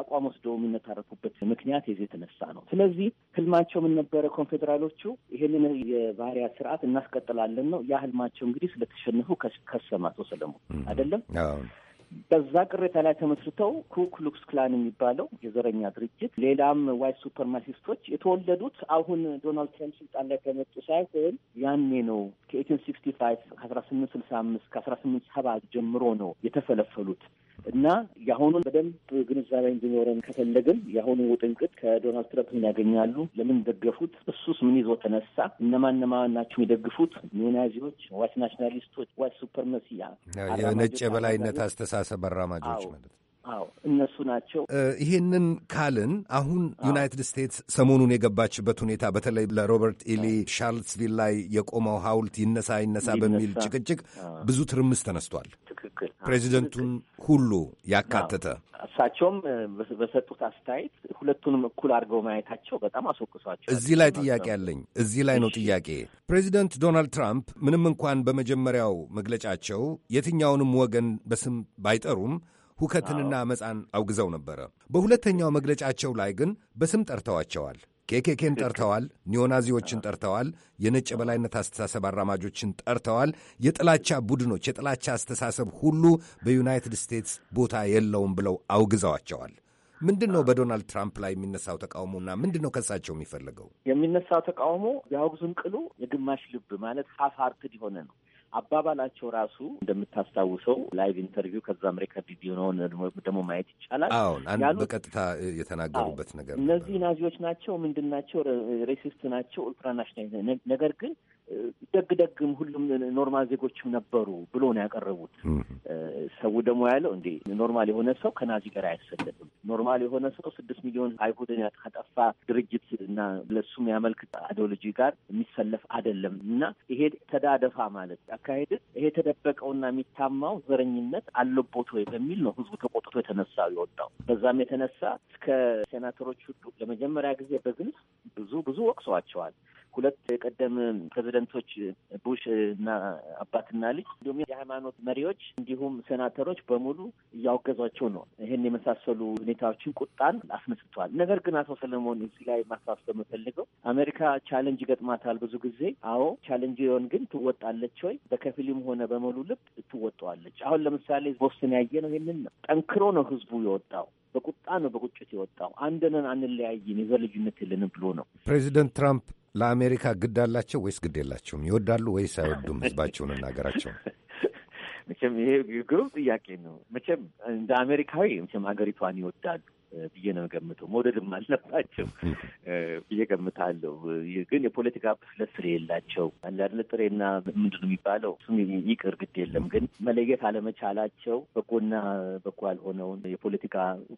አቋም ወስደው የሚነታረኩበት ምክንያት የዚህ የተነሳ ነው። ስለዚህ ህልማቸው ምን ነበረ? ኮንፌዴራሎቹ ይህንን የባሪያ ስርዓት እናስቀጥላለን ነው። ያ ህልማቸው እንግዲህ ስለተሸነፉ ከሰማ ሰው ሰለሞን አይደለም በዛ ቅሬታ ላይ ተመስርተው ኩክሉክስ ክላን የሚባለው የዘረኛ ድርጅት ሌላም ዋይት ሱፐርማሲስቶች የተወለዱት አሁን ዶናልድ ትራምፕ ስልጣን ላይ ከመጡ ሳይሆን ያኔ ነው። ከኤቲን ሲክስቲ ፋይቭ ከአስራ ስምንት ስልሳ አምስት ከአስራ ስምንት ሰባ ጀምሮ ነው የተፈለፈሉት። እና የአሁኑን በደንብ ግንዛቤ እንዲኖረን ከፈለግን የአሁኑ ውጥንቅጥ ከዶናልድ ትረምፕ ምን ያገኛሉ? ለምን ደገፉት? እሱስ ምን ይዞ ተነሳ? እነማን እነማን ናቸው የደግፉት? ኒዮናዚዎች፣ ዋይት ናሽናሊስቶች፣ ዋይት ሱፐርመሲያ የነጭ የበላይነት አስተሳሰብ አራማጆች ማለት ነው። አዎ እነሱ ናቸው። ይሄንን ካልን አሁን ዩናይትድ ስቴትስ ሰሞኑን የገባችበት ሁኔታ በተለይ ለሮበርት ኢሊ ሻርልስቪል ላይ የቆመው ሐውልት ይነሳ ይነሳ በሚል ጭቅጭቅ ብዙ ትርምስ ተነስቷል። ትክክል ፕሬዚደንቱን ሁሉ ያካተተ እሳቸውም በሰጡት አስተያየት ሁለቱንም እኩል አድርገው ማየታቸው በጣም አስወቅሷቸው። እዚህ ላይ ጥያቄ አለኝ። እዚህ ላይ ነው ጥያቄ። ፕሬዚደንት ዶናልድ ትራምፕ ምንም እንኳን በመጀመሪያው መግለጫቸው የትኛውንም ወገን በስም ባይጠሩም ሁከትንና መፃን አውግዘው ነበረ። በሁለተኛው መግለጫቸው ላይ ግን በስም ጠርተዋቸዋል። ኬኬኬን ጠርተዋል። ኒዮናዚዎችን ጠርተዋል። የነጭ የበላይነት አስተሳሰብ አራማጆችን ጠርተዋል። የጥላቻ ቡድኖች፣ የጥላቻ አስተሳሰብ ሁሉ በዩናይትድ ስቴትስ ቦታ የለውም ብለው አውግዘዋቸዋል። ምንድን ነው በዶናልድ ትራምፕ ላይ የሚነሳው ተቃውሞ እና ምንድን ነው ከሳቸው የሚፈለገው? የሚነሳው ተቃውሞ ቢያወግዙም ቅሉ የግማሽ ልብ ማለት ሀፍ ሀርትድ የሆነ ነው። አባባላቸው ራሱ እንደምታስታውሰው ላይቭ ኢንተርቪው ከዛ አሜሪካ ሬከርድ ቢሆነውን ደግሞ ማየት ይቻላል። አሁን አንድ በቀጥታ የተናገሩበት ነገር እነዚህ ናዚዎች ናቸው፣ ምንድን ናቸው፣ ሬሲስት ናቸው፣ ኡልትራናሽናል ነገር ግን ደግ ደግም ሁሉም ኖርማል ዜጎችም ነበሩ ብሎ ነው ያቀረቡት። ሰው ደግሞ ያለው እንዴ ኖርማል የሆነ ሰው ከናዚ ጋር አይሰለፍም። ኖርማል የሆነ ሰው ስድስት ሚሊዮን አይሁድን ከጠፋ ድርጅት እና ለሱም ያመልክት አይዲዮሎጂ ጋር የሚሰለፍ አይደለም እና ይሄ ተዳደፋ ማለት አካሄድ ይሄ የተደበቀውና የሚታማው ዘረኝነት አለቦት ወይ በሚል ነው ህዝቡ ተቆጥቶ የተነሳ የወጣው። በዛም የተነሳ እስከ ሴናተሮች ሁሉ ለመጀመሪያ ጊዜ በግልጽ ብዙ ብዙ ወቅሰዋቸዋል። ሁለት የቀደም ፕሬዚደንቶች ቡሽ እና አባትና ልጅ እንዲሁም የሃይማኖት መሪዎች እንዲሁም ሴናተሮች በሙሉ እያወገዟቸው ነው። ይህን የመሳሰሉ ሁኔታዎችን ቁጣን አስነስቷል። ነገር ግን አቶ ሰለሞን እዚህ ላይ ማሳሰብ የምፈልገው አሜሪካ ቻለንጅ ይገጥማታል ብዙ ጊዜ። አዎ ቻለንጅ ሆን ግን ትወጣለች ወይ? በከፊልም ሆነ በሙሉ ልብ ትወጣዋለች። አሁን ለምሳሌ ቦስተን ያየ ነው ይህንን ነው። ጠንክሮ ነው ህዝቡ የወጣው በቁጣ ነው፣ በቁጭት የወጣው አንድ ነን አንለያይም፣ የዘር ልዩነት የለንም ብሎ ነው ፕሬዚደንት ትራምፕ ለአሜሪካ ግድ አላቸው ወይስ ግድ የላቸውም? ይወዳሉ ወይስ አይወዱም? ህዝባቸውንና ሀገራቸውን? መቼም ይሄ ግሩም ጥያቄ ነው። መቼም እንደ አሜሪካዊ መቼም ሀገሪቷን ይወዳሉ ብዬ ነው ገምተው። መውደድም አለባቸው ብዬ ገምታለሁ። ግን የፖለቲካ ብስለት ስር የላቸው አንዳንድ ጥሬና ምንድን ነው የሚባለው እሱም ይቅር ግድ የለም። ግን መለየት አለመቻላቸው በጎና በጎ ያልሆነውን የፖለቲካ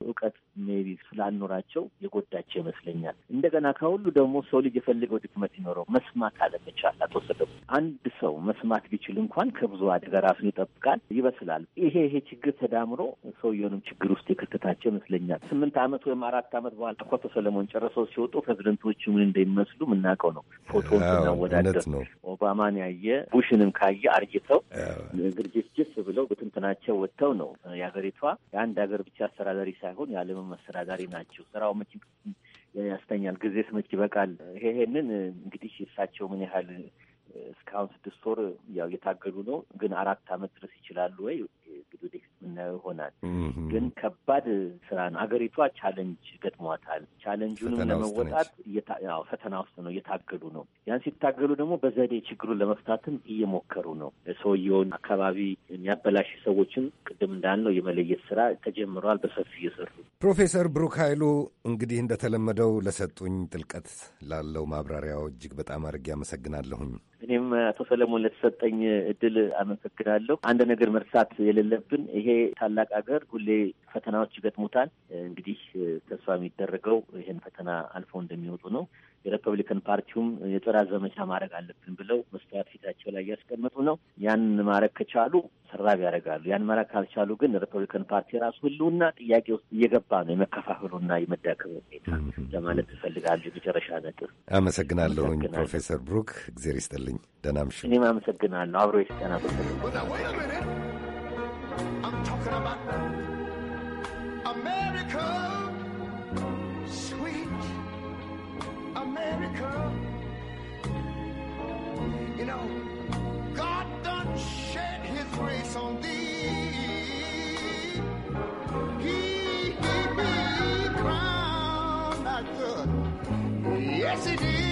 እውቀት ሜቢ ስላኖራቸው የጎዳቸው ይመስለኛል። እንደገና ከሁሉ ደግሞ ሰው ልጅ የፈልገው ድክመት ይኖረው መስማት አለመቻል አተወሰደ አንድ ሰው መስማት ቢችል እንኳን ከብዙ አደጋ ራሱን ይጠብቃል፣ ይበስላል። ይሄ ይሄ ችግር ተዳምሮ ሰውየውንም ችግር ውስጥ የከተታቸው ይመስለኛል። ከስምንት ዓመት ወይም አራት ዓመት በኋላ ኮቶ ሰለሞን ጨረሰው ሲወጡ ፕሬዚደንቶቹ ምን እንደሚመስሉ የምናውቀው ነው። ፎቶን ስናወዳደር ኦባማን ያየ ቡሽንም ካየ አርጅተው ግርጅስጅስ ብለው በትንትናቸው ወጥተው ነው የሀገሪቷ የአንድ ሀገር ብቻ አስተዳዳሪ ሳይሆን የዓለምን መስተዳዳሪ ናቸው። ስራው መቼ ያስተኛል፣ ጊዜ ስመች ይበቃል። ይሄንን እንግዲህ እሳቸው ምን ያህል እስካሁን ስድስት ወር ያው የታገሉ ነው፣ ግን አራት ዓመት ድረስ ይችላሉ ወይ እንግዲህ ወደፊት ይሆናል። ግን ከባድ ስራ ነው። አገሪቷ ቻለንጅ ገጥሟታል። ቻለንጁንም ለመወጣት ፈተና ውስጥ ነው፣ እየታገሉ ነው። ያን ሲታገሉ ደግሞ በዘዴ ችግሩን ለመፍታትም እየሞከሩ ነው። ሰውየውን አካባቢ የሚያበላሽ ሰዎችን ቅድም እንዳልነው የመለየት ስራ ተጀምረዋል። በሰፊ እየሰሩ ፕሮፌሰር ብሩክ ኃይሉ እንግዲህ እንደተለመደው ለሰጡኝ ጥልቀት ላለው ማብራሪያው እጅግ በጣም አድርጌ አመሰግናለሁኝ። እኔም አቶ ሰለሞን ለተሰጠኝ እድል አመሰግናለሁ። አንድ ነገር መርሳት የሌለ የለብን። ይሄ ታላቅ ሀገር ሁሌ ፈተናዎች ይገጥሙታል። እንግዲህ ተስፋ የሚደረገው ይህን ፈተና አልፈው እንደሚወጡ ነው። የሪፐብሊካን ፓርቲውም የጽዳት ዘመቻ ማድረግ አለብን ብለው መስተዋት ፊታቸው ላይ እያስቀመጡ ነው። ያን ማድረግ ከቻሉ ሰራብ ያደርጋሉ። ያን ማድረግ ካልቻሉ ግን ሪፐብሊካን ፓርቲ ራሱ ህልውና ጥያቄ ውስጥ እየገባ ነው። የመከፋፈሉና የመዳከም ሁኔታ ለማለት ይፈልጋሉ። የመጨረሻ ነጥብ። አመሰግናለሁኝ ፕሮፌሰር ብሩክ እግዜር ይስጥልኝ። ደህና እምሽው። እኔም አመሰግናለሁ። አብሮ ይስጠን። አመሰግናለሁ። about America, sweet America. You know, God done shed his grace on thee. He Yes, he did.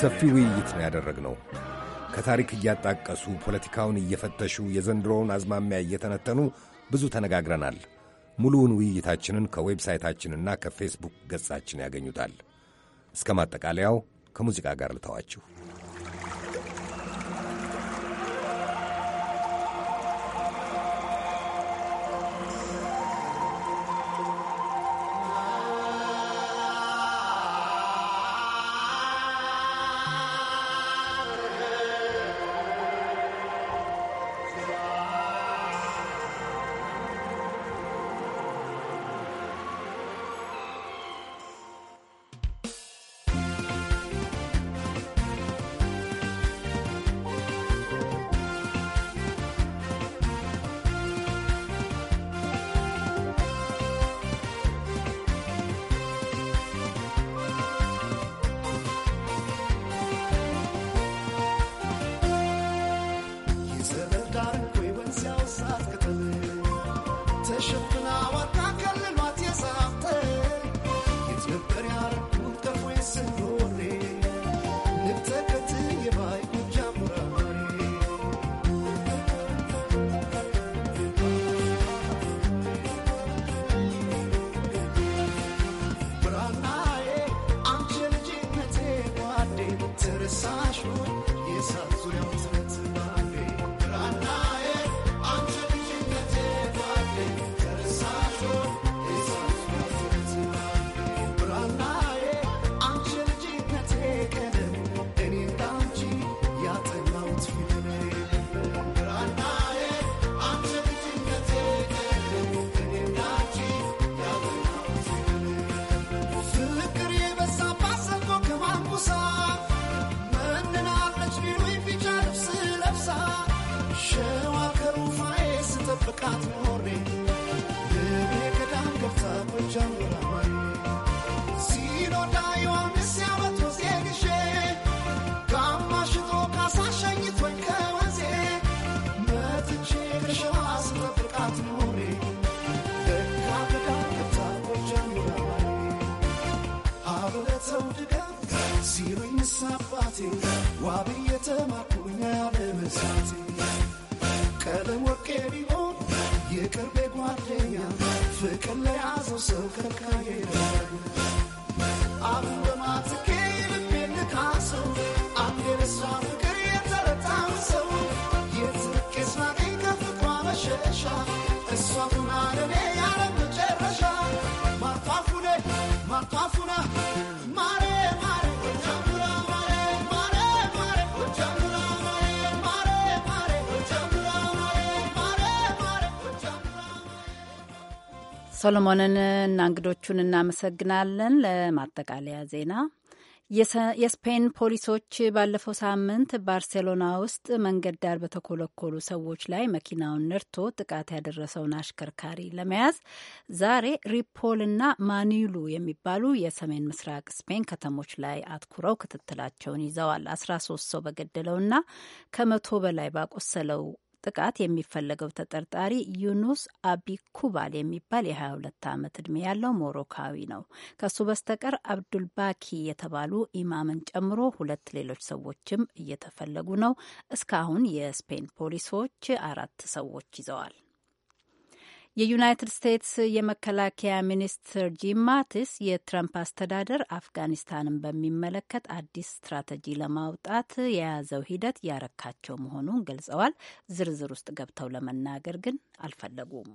ሰፊ ውይይት ነው ያደረግነው። ከታሪክ እያጣቀሱ ፖለቲካውን እየፈተሹ የዘንድሮውን አዝማሚያ እየተነተኑ ብዙ ተነጋግረናል። ሙሉውን ውይይታችንን ከዌብሳይታችንና ከፌስቡክ ገጻችን ያገኙታል። እስከ ማጠቃለያው ከሙዚቃ ጋር ልተዋችሁ። ሶሎሞንን እና እንግዶቹን እናመሰግናለን። ለማጠቃለያ ዜና የስፔን ፖሊሶች ባለፈው ሳምንት ባርሴሎና ውስጥ መንገድ ዳር በተኮለኮሉ ሰዎች ላይ መኪናውን ነድቶ ጥቃት ያደረሰውን አሽከርካሪ ለመያዝ ዛሬ ሪፖልና ማኒሉ የሚባሉ የሰሜን ምስራቅ ስፔን ከተሞች ላይ አትኩረው ክትትላቸውን ይዘዋል። አስራ ሶስት ሰው በገደለውና ከመቶ በላይ ባቆሰለው ጥቃት የሚፈለገው ተጠርጣሪ ዩኑስ አቢ ኩባል የሚባል የ22 ዓመት ዕድሜ ያለው ሞሮካዊ ነው። ከሱ በስተቀር አብዱልባኪ የተባሉ ኢማምን ጨምሮ ሁለት ሌሎች ሰዎችም እየተፈለጉ ነው። እስካሁን የስፔን ፖሊሶች አራት ሰዎች ይዘዋል። የዩናይትድ ስቴትስ የመከላከያ ሚኒስትር ጂም ማቲስ የትረምፕ አስተዳደር አፍጋኒስታንን በሚመለከት አዲስ ስትራቴጂ ለማውጣት የያዘው ሂደት ያረካቸው መሆኑን ገልጸዋል። ዝርዝር ውስጥ ገብተው ለመናገር ግን አልፈለጉም።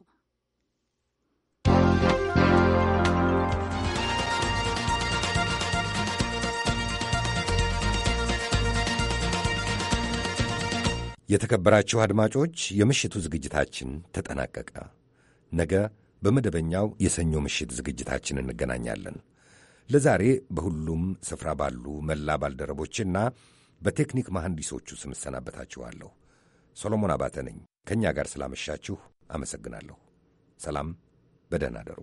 የተከበራችሁ አድማጮች፣ የምሽቱ ዝግጅታችን ተጠናቀቀ። ነገ በመደበኛው የሰኞ ምሽት ዝግጅታችን እንገናኛለን። ለዛሬ በሁሉም ስፍራ ባሉ መላ ባልደረቦችና በቴክኒክ መሐንዲሶቹ ስም እሰናበታችኋለሁ። ሰሎሞን አባተ ነኝ። ከእኛ ጋር ስላመሻችሁ አመሰግናለሁ። ሰላም፣ በደህና አደሩ።